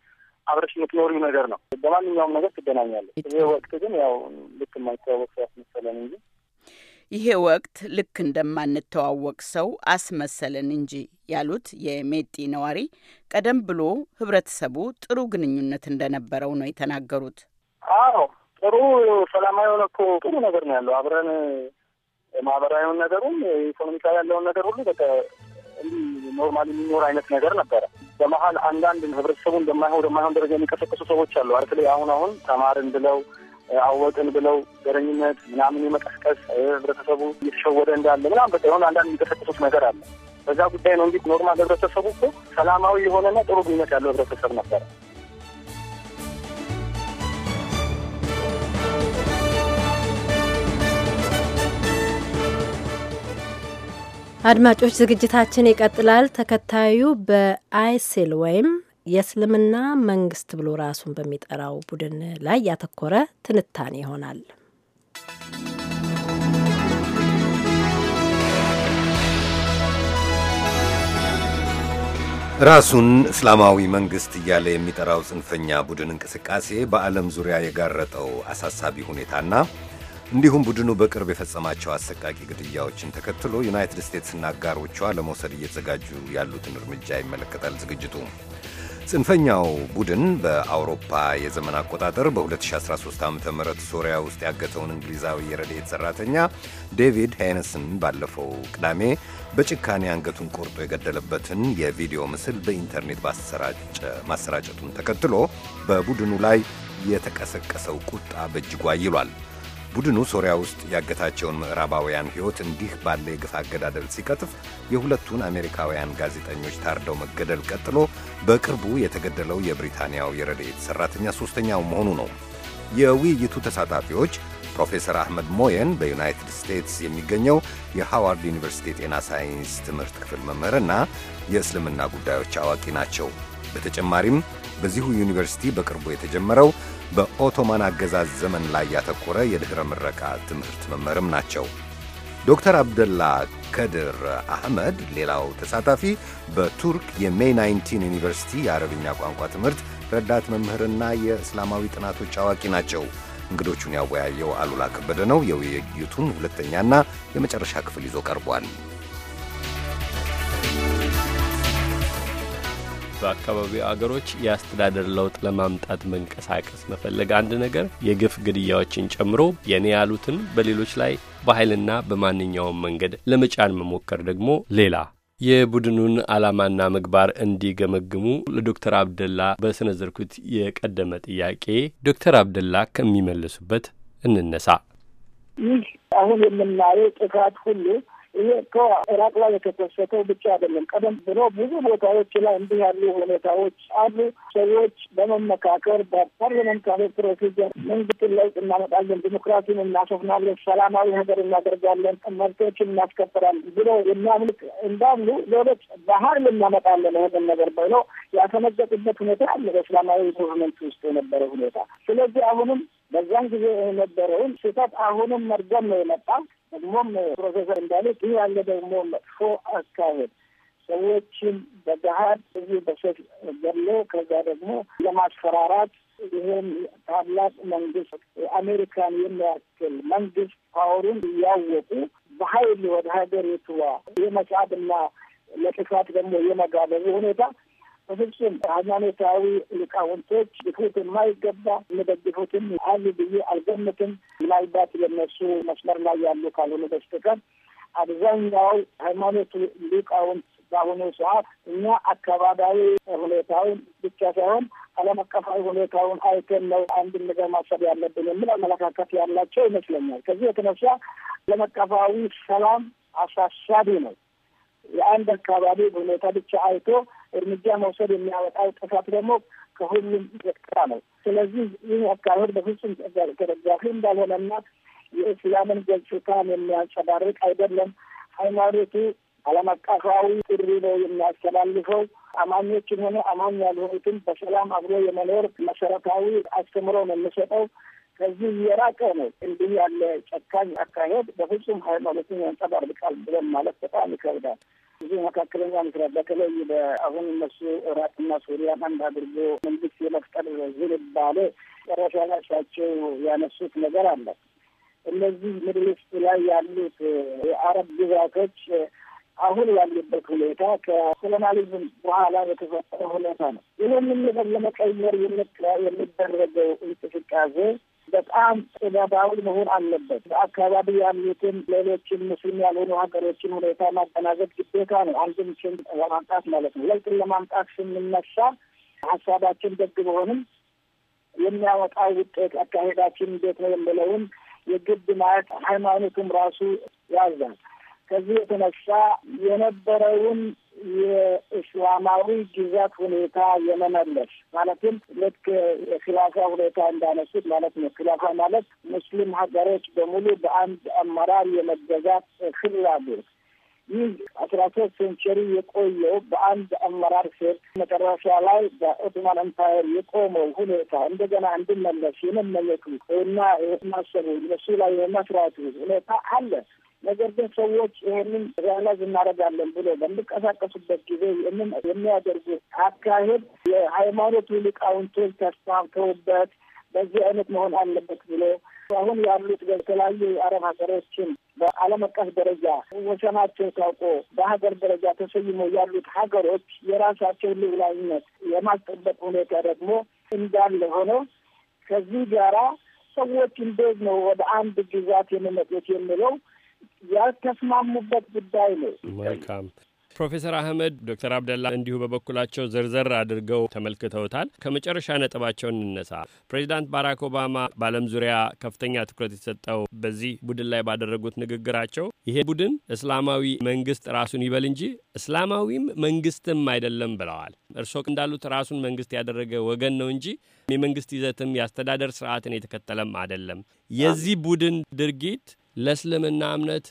አብረሽ የምትኖሪው ነገር ነው። በማንኛውም ነገር ትገናኛለች። ይህ ወቅት ግን ያው ልክ የማይተዋወቅ ሰው አስመሰለን እንጂ ይሄ ወቅት ልክ እንደማንተዋወቅ ሰው አስመሰለን እንጂ ያሉት የሜጢ ነዋሪ ቀደም ብሎ ህብረተሰቡ ጥሩ ግንኙነት እንደነበረው ነው የተናገሩት። አዎ ጥሩ ሰላማዊ የሆነ እኮ ጥሩ ነገር ነው ያለው። አብረን ማህበራዊውን ነገሩም ኢኮኖሚካዊ ያለውን ነገር ሁሉ በቃ ኖርማል የሚኖር አይነት ነገር ነበረ። በመሀል አንዳንድ ህብረተሰቡ እንደማይሆ ወደማይሆን ደረጃ የሚቀሰቀሱ ሰዎች አሉ። በተለይ አሁን አሁን ተማርን ብለው አወቅን ብለው ዘረኝነት ምናምን የመቀስቀስ ህብረተሰቡ እየተሸወደ እንዳለ ምናምን በቃ የሆነ አንዳንድ የሚቀሰቀሱት ነገር አለ። በዛ ጉዳይ ነው እንግዲህ ኖርማል ህብረተሰቡ እኮ ሰላማዊ የሆነና ጥሩ ግንኙነት ያለው ህብረተሰብ ነበር። አድማጮች ዝግጅታችን ይቀጥላል። ተከታዩ በአይሲል ወይም የእስልምና መንግስት ብሎ ራሱን በሚጠራው ቡድን ላይ ያተኮረ ትንታኔ ይሆናል። ራሱን እስላማዊ መንግስት እያለ የሚጠራው ጽንፈኛ ቡድን እንቅስቃሴ በዓለም ዙሪያ የጋረጠው አሳሳቢ ሁኔታና እንዲሁም ቡድኑ በቅርብ የፈጸማቸው አሰቃቂ ግድያዎችን ተከትሎ ዩናይትድ ስቴትስና አጋሮቿ ለመውሰድ እየተዘጋጁ ያሉትን እርምጃ ይመለከታል ዝግጅቱ። ጽንፈኛው ቡድን በአውሮፓ የዘመን አቆጣጠር በ2013 ዓ ም ሶሪያ ውስጥ ያገተውን እንግሊዛዊ የረድኤት ሰራተኛ ዴቪድ ሄንስን ባለፈው ቅዳሜ በጭካኔ አንገቱን ቆርጦ የገደለበትን የቪዲዮ ምስል በኢንተርኔት ማሰራጨቱን ተከትሎ በቡድኑ ላይ የተቀሰቀሰው ቁጣ በእጅጉ አይሏል። ቡድኑ ሶሪያ ውስጥ ያገታቸውን ምዕራባውያን ሕይወት እንዲህ ባለ የግፍ አገዳደል ሲቀጥፍ የሁለቱን አሜሪካውያን ጋዜጠኞች ታርደው መገደል ቀጥሎ በቅርቡ የተገደለው የብሪታንያው የረድኤት ሠራተኛ ሦስተኛው መሆኑ ነው። የውይይቱ ተሳታፊዎች ፕሮፌሰር አህመድ ሞየን በዩናይትድ ስቴትስ የሚገኘው የሃዋርድ ዩኒቨርሲቲ የጤና ሳይንስ ትምህርት ክፍል መምህርና የእስልምና ጉዳዮች አዋቂ ናቸው። በተጨማሪም በዚሁ ዩኒቨርሲቲ በቅርቡ የተጀመረው በኦቶማን አገዛዝ ዘመን ላይ ያተኮረ የድኅረ ምረቃ ትምህርት መምህርም ናቸው። ዶክተር አብደላ ከድር አህመድ ሌላው ተሳታፊ በቱርክ የሜይ 19 ዩኒቨርሲቲ የአረብኛ ቋንቋ ትምህርት ረዳት መምህርና የእስላማዊ ጥናቶች አዋቂ ናቸው። እንግዶቹን ያወያየው አሉላ ከበደ ነው። የውይይቱን ሁለተኛና የመጨረሻ ክፍል ይዞ ቀርቧል። በአካባቢው አገሮች የአስተዳደር ለውጥ ለማምጣት መንቀሳቀስ መፈለግ አንድ ነገር፣ የግፍ ግድያዎችን ጨምሮ የኔ ያሉትን በሌሎች ላይ በኃይልና በማንኛውም መንገድ ለመጫን መሞከር ደግሞ ሌላ። የቡድኑን ዓላማና ምግባር እንዲገመግሙ ለዶክተር አብደላ በሰነዘርኩት የቀደመ ጥያቄ ዶክተር አብደላ ከሚመልሱበት እንነሳ። ይህ አሁን የምናየው ጥፋት ሁሉ ይህ እኮ ኢራቅ ላይ የተከሰተው ብቻ አይደለም። ቀደም ብሎ ብዙ ቦታዎች ላይ እንዲህ ያሉ ሁኔታዎች አሉ። ሰዎች በመመካከር በፓርላመንታዊ ፕሮሲጀር መንግስት ለውጥ እናመጣለን፣ ዲሞክራሲን እናሰፍናለን፣ ሰላማዊ ነገር እናደርጋለን፣ መብቶችን እናስከበራለን ብሎ የሚያምልክ እንዳሉ ሌሎች በሀይል እናመጣለን ይህንን ነገር ብሎ ያፈነገጡበት ሁኔታ አለ። በእስላማዊ ጎቨርንመንት ውስጥ የነበረ ሁኔታ ስለዚህ አሁንም በዛን ጊዜ የነበረውን ስህተት አሁንም መድገም ነው የመጣ። ደግሞም ፕሮፌሰር እንዳሉት ይህ ያለ ደግሞ መጥፎ አካሄድ ሰዎችን በገሀድ እዚ በሰት ገሎ ከዛ ደግሞ ለማስፈራራት ይህም ታላቅ መንግስት የአሜሪካን የሚያክል መንግስት ፓወሩን እያወቁ በሀይል ወደ ሀገሪቷ የመሳብና ለጥፋት ደግሞ የመጋበዙ ሁኔታ በፍጹም ሃይማኖታዊ ሊቃውንቶች ዝክሩት የማይገባ የሚደግፉትም አሉ ብዬ አልገምትም። ምናልባት የነሱ መስመር ላይ ያሉ ካልሆነ በስተቀር አብዛኛው ሃይማኖት ሊቃውንት በአሁኑ ሰዓት እኛ አካባቢያዊ ሁኔታውን ብቻ ሳይሆን ዓለም አቀፋዊ ሁኔታውን አይተን ነው አንድ ነገር ማሰብ ያለብን የሚል አመለካከት ያላቸው ይመስለኛል። ከዚህ የተነሳ ዓለም አቀፋዊ ሰላም አሳሳቢ ነው። የአንድ አካባቢ ሁኔታ ብቻ አይቶ እርምጃ መውሰድ የሚያወጣው ጥፋት ደግሞ ከሁሉም የቀራ ነው። ስለዚህ ይህ አካሄድ በፍጹም ተደጋፊ እንዳልሆነና የእስላምን ገጽታን የሚያንጸባርቅ አይደለም። ሃይማኖቱ ዓለም አቀፋዊ ጥሪ ነው የሚያስተላልፈው። አማኞችን ሆነ አማኝ ያልሆኑትን በሰላም አብሮ የመኖር መሰረታዊ አስተምሮ ነው የሚሰጠው። ከዚህ እየራቀ ነው። እንዲህ ያለ ጨካኝ አካሄድ በፍጹም ሃይማኖትን ያንጸባርቃል ብለን ማለት በጣም ይከብዳል። ብዙ መካከለኛ ምስራት በተለይ በአሁን እነሱ ኢራቅና ሱሪያን አንድ አድርጎ መንግስት የመፍጠር ዝንባሌ ጨረሻ ላሻቸው ያነሱት ነገር አለ። እነዚህ ምድር ውስጥ ላይ ያሉት የአረብ ግዛቶች አሁን ያሉበት ሁኔታ ከኮሎናሊዝም በኋላ የተፈጠረ ሁኔታ ነው። ይህንን ነገር ለመቀየር የሚደረገው እንቅስቃሴ በጣም ጥበባዊ መሆን አለበት። በአካባቢ ያሉትን ሌሎችን ሙስሊም ያልሆኑ ሀገሮችን ሁኔታ ማገናዘብ ግዴታ ነው። አንድም ሽን ለማምጣት ማለት ነው። ለውጥን ለማምጣት ስንነሳ ሀሳባችን ደግ በሆንም የሚያወጣው ውጤት አካሄዳችን እንዴት ነው የምለውን የግብ ማየት ሃይማኖቱም ራሱ ያዛል። ከዚህ የተነሳ የነበረውን የእስላማዊ ግዛት ሁኔታ የመመለስ ማለትም ልክ የክላፋ ሁኔታ እንዳነሱት ማለት ነው። ክላፋ ማለት ሙስሊም ሀገሮች በሙሉ በአንድ አመራር የመገዛት ፍላጎት። ይህ አስራ ሶስት ሴንቸሪ የቆየው በአንድ አመራር ስር መጨረሻ ላይ በኦቶማን ኤምፓየር የቆመው ሁኔታ እንደገና እንድመለስ የመመለቱ እና የማሰቡ እነሱ ላይ የመስራቱ ሁኔታ አለ። ነገር ግን ሰዎች ይህንን ሪያላይዝ እናደርጋለን ብሎ በሚንቀሳቀሱበት ጊዜ ይህንን የሚያደርጉት አካሄድ የሃይማኖቱ ሊቃውንቶች ተስፋፍተውበት በዚህ አይነት መሆን አለበት ብሎ አሁን ያሉት የተለያዩ አረብ ሀገሮችን በዓለም አቀፍ ደረጃ ወሰናቸው ታውቆ በሀገር ደረጃ ተሰይሞ ያሉት ሀገሮች የራሳቸውን ልዕላዊነት የማስጠበቅ ሁኔታ ደግሞ እንዳለ ሆኖ ከዚህ ጋራ ሰዎች እንዴት ነው ወደ አንድ ግዛት የሚመጡት የሚለው ያልተስማሙበት ጉዳይ ነው። መልካም ፕሮፌሰር አህመድ ዶክተር አብደላ እንዲሁ በበኩላቸው ዝርዝር አድርገው ተመልክተውታል። ከመጨረሻ ነጥባቸውን እንነሳ። ፕሬዚዳንት ባራክ ኦባማ በዓለም ዙሪያ ከፍተኛ ትኩረት የተሰጠው በዚህ ቡድን ላይ ባደረጉት ንግግራቸው ይሄ ቡድን እስላማዊ መንግስት ራሱን ይበል እንጂ እስላማዊም መንግስትም አይደለም ብለዋል። እርስዎ እንዳሉት ራሱን መንግስት ያደረገ ወገን ነው እንጂ የመንግስት ይዘትም የአስተዳደር ስርዓትን የተከተለም አይደለም። የዚህ ቡድን ድርጊት ለእስልምና እምነት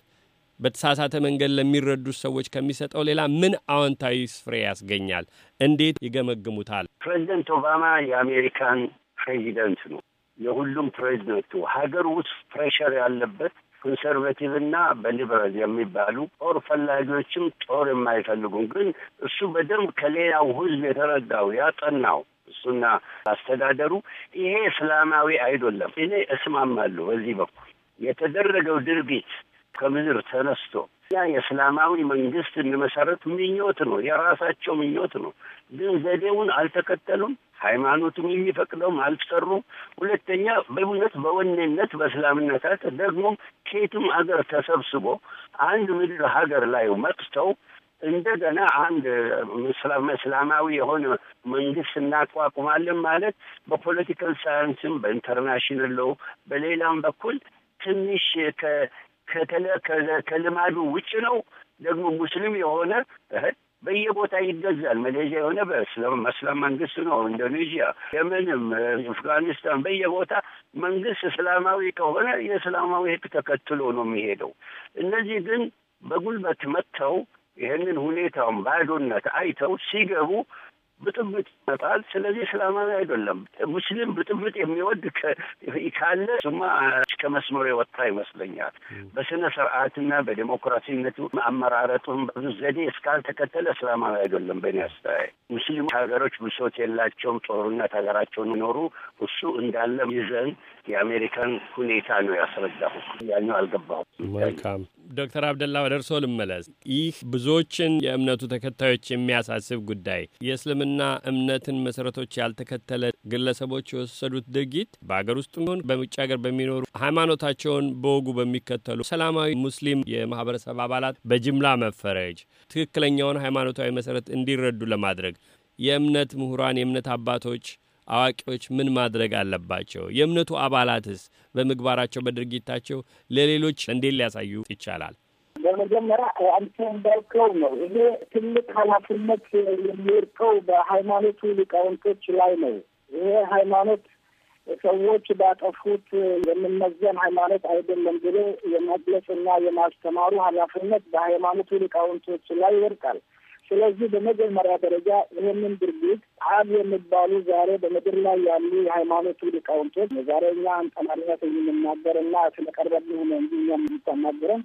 በተሳሳተ መንገድ ለሚረዱት ሰዎች ከሚሰጠው ሌላ ምን አዎንታዊ ፍሬ ያስገኛል? እንዴት ይገመግሙታል? ፕሬዚደንት ኦባማ የአሜሪካን ፕሬዚደንት ነው። የሁሉም ፕሬዚደንቱ ሀገር ውስጥ ፕሬሸር ያለበት ኮንሰርቬቲቭ እና በሊበራል የሚባሉ ጦር ፈላጊዎችም ጦር የማይፈልጉም ግን እሱ በደንብ ከሌላው ህዝብ የተረዳው ያጠናው እሱና አስተዳደሩ ይሄ እስላማዊ አይደለም። እኔ እስማማለሁ በዚህ በኩል የተደረገው ድርጊት ከምድር ተነስቶ ያ የእስላማዊ መንግስት እንመሰረት ምኞት ነው፣ የራሳቸው ምኞት ነው። ግን ዘዴውን አልተከተሉም። ሃይማኖቱን የሚፈቅደውም አልሰሩም። ሁለተኛ በእውነት በወኔነት በእስላምነታት ደግሞ ከየትም አገር ተሰብስቦ አንድ ምድር ሀገር ላይ መጥተው እንደገና አንድ እስላማዊ የሆነ መንግስት እናቋቁማለን ማለት በፖለቲካል ሳይንስም በኢንተርናሽናል ሎው በሌላም በኩል ትንሽ ከልማዱ ውጭ ነው። ደግሞ ሙስሊም የሆነ በየቦታ ይገዛል። መሌዥያ የሆነ በእስላም መንግስት ነው። ኢንዶኔዥያ፣ የመንም፣ አፍጋኒስታን በየቦታ መንግስት እስላማዊ ከሆነ የእስላማዊ ህግ ተከትሎ ነው የሚሄደው። እነዚህ ግን በጉልበት መጥተው ይህንን ሁኔታውን ባዶነት አይተው ሲገቡ ብጥብጥ ይመጣል። ስለዚህ እስላማዊ አይደለም። ሙስሊም ብጥብጥ የሚወድ ካለ ስማ እስከ መስመሩ የወጣ ይመስለኛል። በስነ ስርዓትና በዲሞክራሲነቱ አመራረጡን ብዙ ዘዴ እስካልተከተለ እስላማዊ አይደለም። በእኔ አስተያየት ሙስሊም ሀገሮች ብሶት የላቸውም። ጦርነት ሀገራቸውን ይኖሩ እሱ እንዳለ ይዘን የአሜሪካን ሁኔታ ነው ያስረዳሁ። ያኛው አልገባሁም። መልካም ዶክተር አብደላ ወደ እርስዎ ልመለስ። ይህ ብዙዎችን የእምነቱ ተከታዮች የሚያሳስብ ጉዳይ የእስልምና እምነትን መሰረቶች ያልተከተለ ግለሰቦች የወሰዱት ድርጊት በአገር ውስጥ ሆን በውጭ ሀገር በሚኖሩ ሃይማኖታቸውን በወጉ በሚከተሉ ሰላማዊ ሙስሊም የማህበረሰብ አባላት በጅምላ መፈረጅ ትክክለኛውን ሃይማኖታዊ መሰረት እንዲረዱ ለማድረግ የእምነት ምሁራን የእምነት አባቶች አዋቂዎች ምን ማድረግ አለባቸው? የእምነቱ አባላትስ በምግባራቸው በድርጊታቸው ለሌሎች እንዴት ሊያሳዩ ይቻላል? በመጀመሪያ አንተ እንዳልከው ነው። ይሄ ትልቅ ኃላፊነት የሚወድቀው በሃይማኖቱ ሊቃውንቶች ላይ ነው። ይሄ ሃይማኖት ሰዎች ባጠፉት የምንመዘን ሃይማኖት አይደለም ብሎ የመግለጽና የማስተማሩ ኃላፊነት በሃይማኖቱ ሊቃውንቶች ላይ ይወድቃል። ስለዚህ በመጀመሪያ ደረጃ ይህንን ድርጊት አብ የሚባሉ ዛሬ በምድር ላይ ያሉ የሃይማኖቱ ሊቃውንቶች ዛሬ እኛ አንጠላነት የምንናገር እና ስለቀረብን ነው እንጂ እኛም የሚተናገረን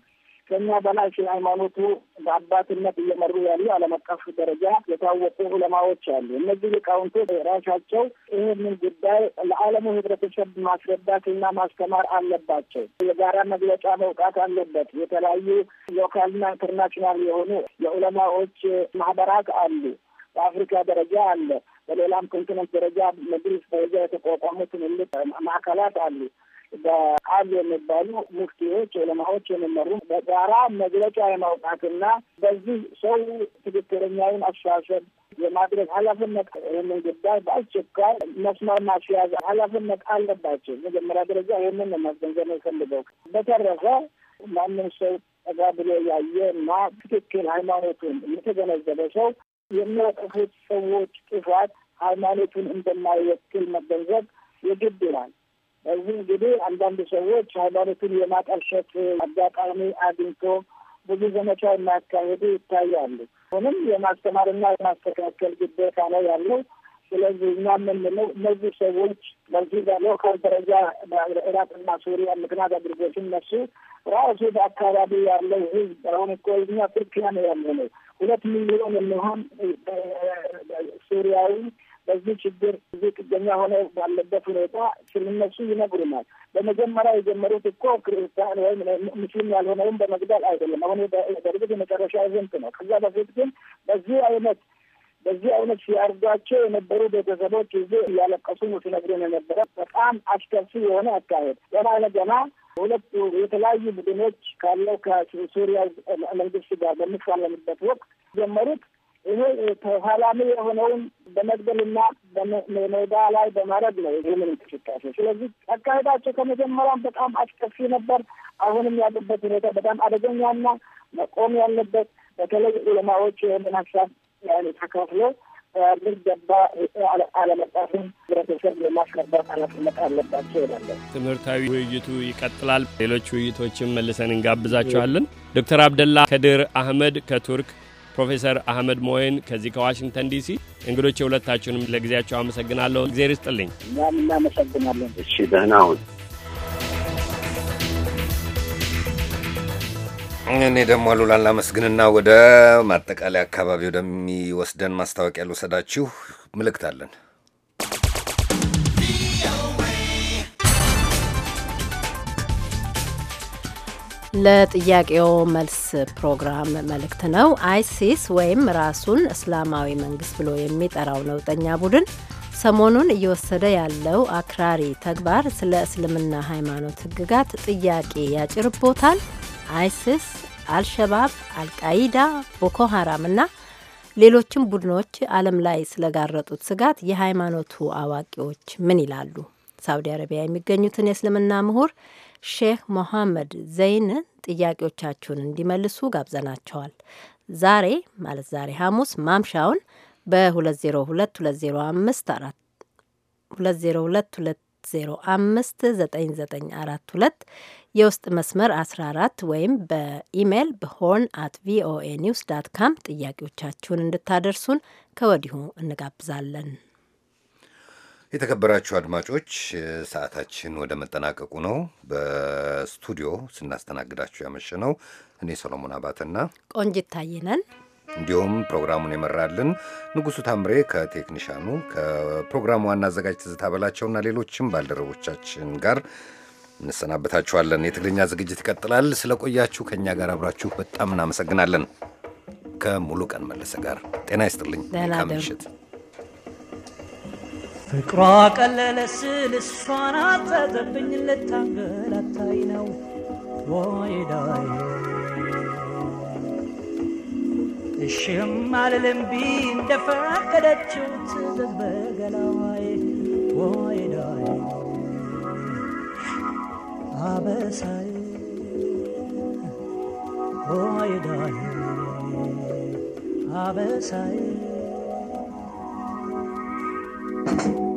ከኛ በላይ ሃይማኖቱ በአባትነት እየመሩ ያሉ ዓለም አቀፍ ደረጃ የታወቁ ዑለማዎች አሉ። እነዚህ ሊቃውንቶች ራሳቸው ይህንን ጉዳይ ለዓለሙ ህብረተሰብ ማስረዳትና ማስተማር አለባቸው። የጋራ መግለጫ መውጣት አለበት። የተለያዩ ሎካልና ኢንተርናሽናል የሆኑ የዑለማዎች ማህበራት አሉ። በአፍሪካ ደረጃ አለ። በሌላም ኮንቲነንት ደረጃ፣ በግሪስ ደረጃ የተቋቋሙ ትልልቅ ማዕከላት አሉ። በአብ የሚባሉ ሙፍቲዎች ዑለማዎች የሚመሩ በጋራ መግለጫ የማውጣትና በዚህ ሰው ትክክለኛውን አስተሳሰብ የማድረግ ኃላፊነት ይህንን ጉዳይ በአስቸኳይ መስመር ማስያዝ ኃላፊነት አለባቸው። መጀመሪያ ደረጃ ይህንን ማስገንዘብ የፈልገው በተረፈ ማንም ሰው ጠጋ ብሎ ያየ እና ትክክል ሃይማኖቱን የተገነዘበ ሰው የሚያጠፉት ሰዎች ጥፋት ሃይማኖቱን እንደማይወክል መገንዘብ የግድ ይላል። እዚህ እንግዲህ አንዳንድ ሰዎች ሃይማኖቱን የማጠልሸት አጋጣሚ አግኝቶ ብዙ ዘመቻ የማያካሄዱ ይታያሉ። አሁንም የማስተማርና የማስተካከል ግዴታ ነው ያሉ። ስለዚህ እኛ የምንለው እነዚህ ሰዎች በዚህ በሎካል ደረጃ ኢራቅና ሱሪያ ምክንያት አድርጎ ሲነሱ ራሱ በአካባቢ ያለው ህዝብ አሁን እኮ እኛ ቱርኪያ ነው ያለ ነው ሁለት ሚሊዮን የሚሆን ሱሪያዊ በዚህ ችግር ከፍተኛ ሆነ ባለበት ሁኔታ ስለነሱ ይነግሩናል። በመጀመሪያ የጀመሩት እኮ ክርስቲያን ወይም ሙስሊም ያልሆነውን በመግደል አይደለም። አሁን በእርግጥ የመጨረሻ ዘንት ነው። ከዛ በፊት ግን በዚህ አይነት በዚህ አይነት ሲያርዷቸው የነበሩ ቤተሰቦች ይዞ እያለቀሱ ሲነግሩን የነበረ በጣም አስከፊ የሆነ አካሄድ ገና ለገና ሁለቱ የተለያዩ ቡድኖች ካለው ከሱሪያ መንግስት ጋር በሚፋለምበት ወቅት ጀመሩት ይሄ ተኋላሚ የሆነውን በመግደልና ሜዳ ላይ በማድረግ ነው ይህንን እንቅስቃሴ። ስለዚህ አካሄዳቸው ከመጀመሪያም በጣም አስከፊ ነበር። አሁንም ያሉበት ሁኔታ በጣም አደገኛና መቆም ያለበት በተለይ ዑለማዎች ይህንን ሀሳብ ተካፍሎ ትምህርታዊ ውይይቱ ይቀጥላል። ሌሎች ውይይቶችን መልሰን እንጋብዛችኋለን። ዶክተር አብደላ ከድር አህመድ ከቱርክ ፕሮፌሰር አህመድ ሞይን ከዚህ ከዋሽንግተን ዲሲ እንግዶች፣ የሁለታችሁንም ለጊዜያቸው አመሰግናለሁ። እግዜር ይስጥልኝ። እኛም እናመሰግናለን። እሺ ደህና ሁን። እኔ ደግሞ አሉላን ላመስግንና ወደ ማጠቃለያ አካባቢ ወደሚወስደን ማስታወቂያ ልውሰዳችሁ። ምልክት አለን። ለጥያቄው መልስ ፕሮግራም መልእክት ነው። አይሲስ ወይም ራሱን እስላማዊ መንግስት ብሎ የሚጠራው ነውጠኛ ቡድን ሰሞኑን እየወሰደ ያለው አክራሪ ተግባር ስለ እስልምና ሃይማኖት ህግጋት ጥያቄ ያጭርቦታል። አይሲስ፣ አልሸባብ፣ አልቃይዳ፣ ቦኮ ሀራም እና ሌሎችም ቡድኖች ዓለም ላይ ስለጋረጡት ስጋት የሃይማኖቱ አዋቂዎች ምን ይላሉ? ሳውዲ አረቢያ የሚገኙትን የእስልምና ምሁር ሼህ ሞሐመድ ዘይንን ጥያቄዎቻችሁን እንዲመልሱ ጋብዘናቸዋል። ዛሬ ማለት ዛሬ ሐሙስ ማምሻውን በ202205 2022059942 የውስጥ መስመር 14 ወይም በኢሜይል በሆርን አት ቪኦኤ ኒውስ ዳት ካም ጥያቄዎቻችሁን እንድታደርሱን ከወዲሁ እንጋብዛለን። የተከበራችሁ አድማጮች ሰዓታችን ወደ መጠናቀቁ ነው። በስቱዲዮ ስናስተናግዳችሁ ያመሸ ነው እኔ ሰሎሞን አባተና ቆንጂት ታየ እንዲሁም ፕሮግራሙን የመራልን ንጉሱ ታምሬ ከቴክኒሻኑ ከፕሮግራሙ ዋና አዘጋጅ ትዝታ በላቸውና ሌሎችም ባልደረቦቻችን ጋር እንሰናበታችኋለን። የትግርኛ ዝግጅት ይቀጥላል። ስለቆያችሁ ከእኛ ጋር አብራችሁ በጣም እናመሰግናለን። ከሙሉ ቀን መለሰ ጋር ጤና ይስጥልኝ። ምሽት። ፍቅሯ ቀለለ ስል እሷን አጠገብኝ ልታንገላታይ ነው ወይዳዬ እሽም አልልም ቢ እንደፈቀደችው Thank you.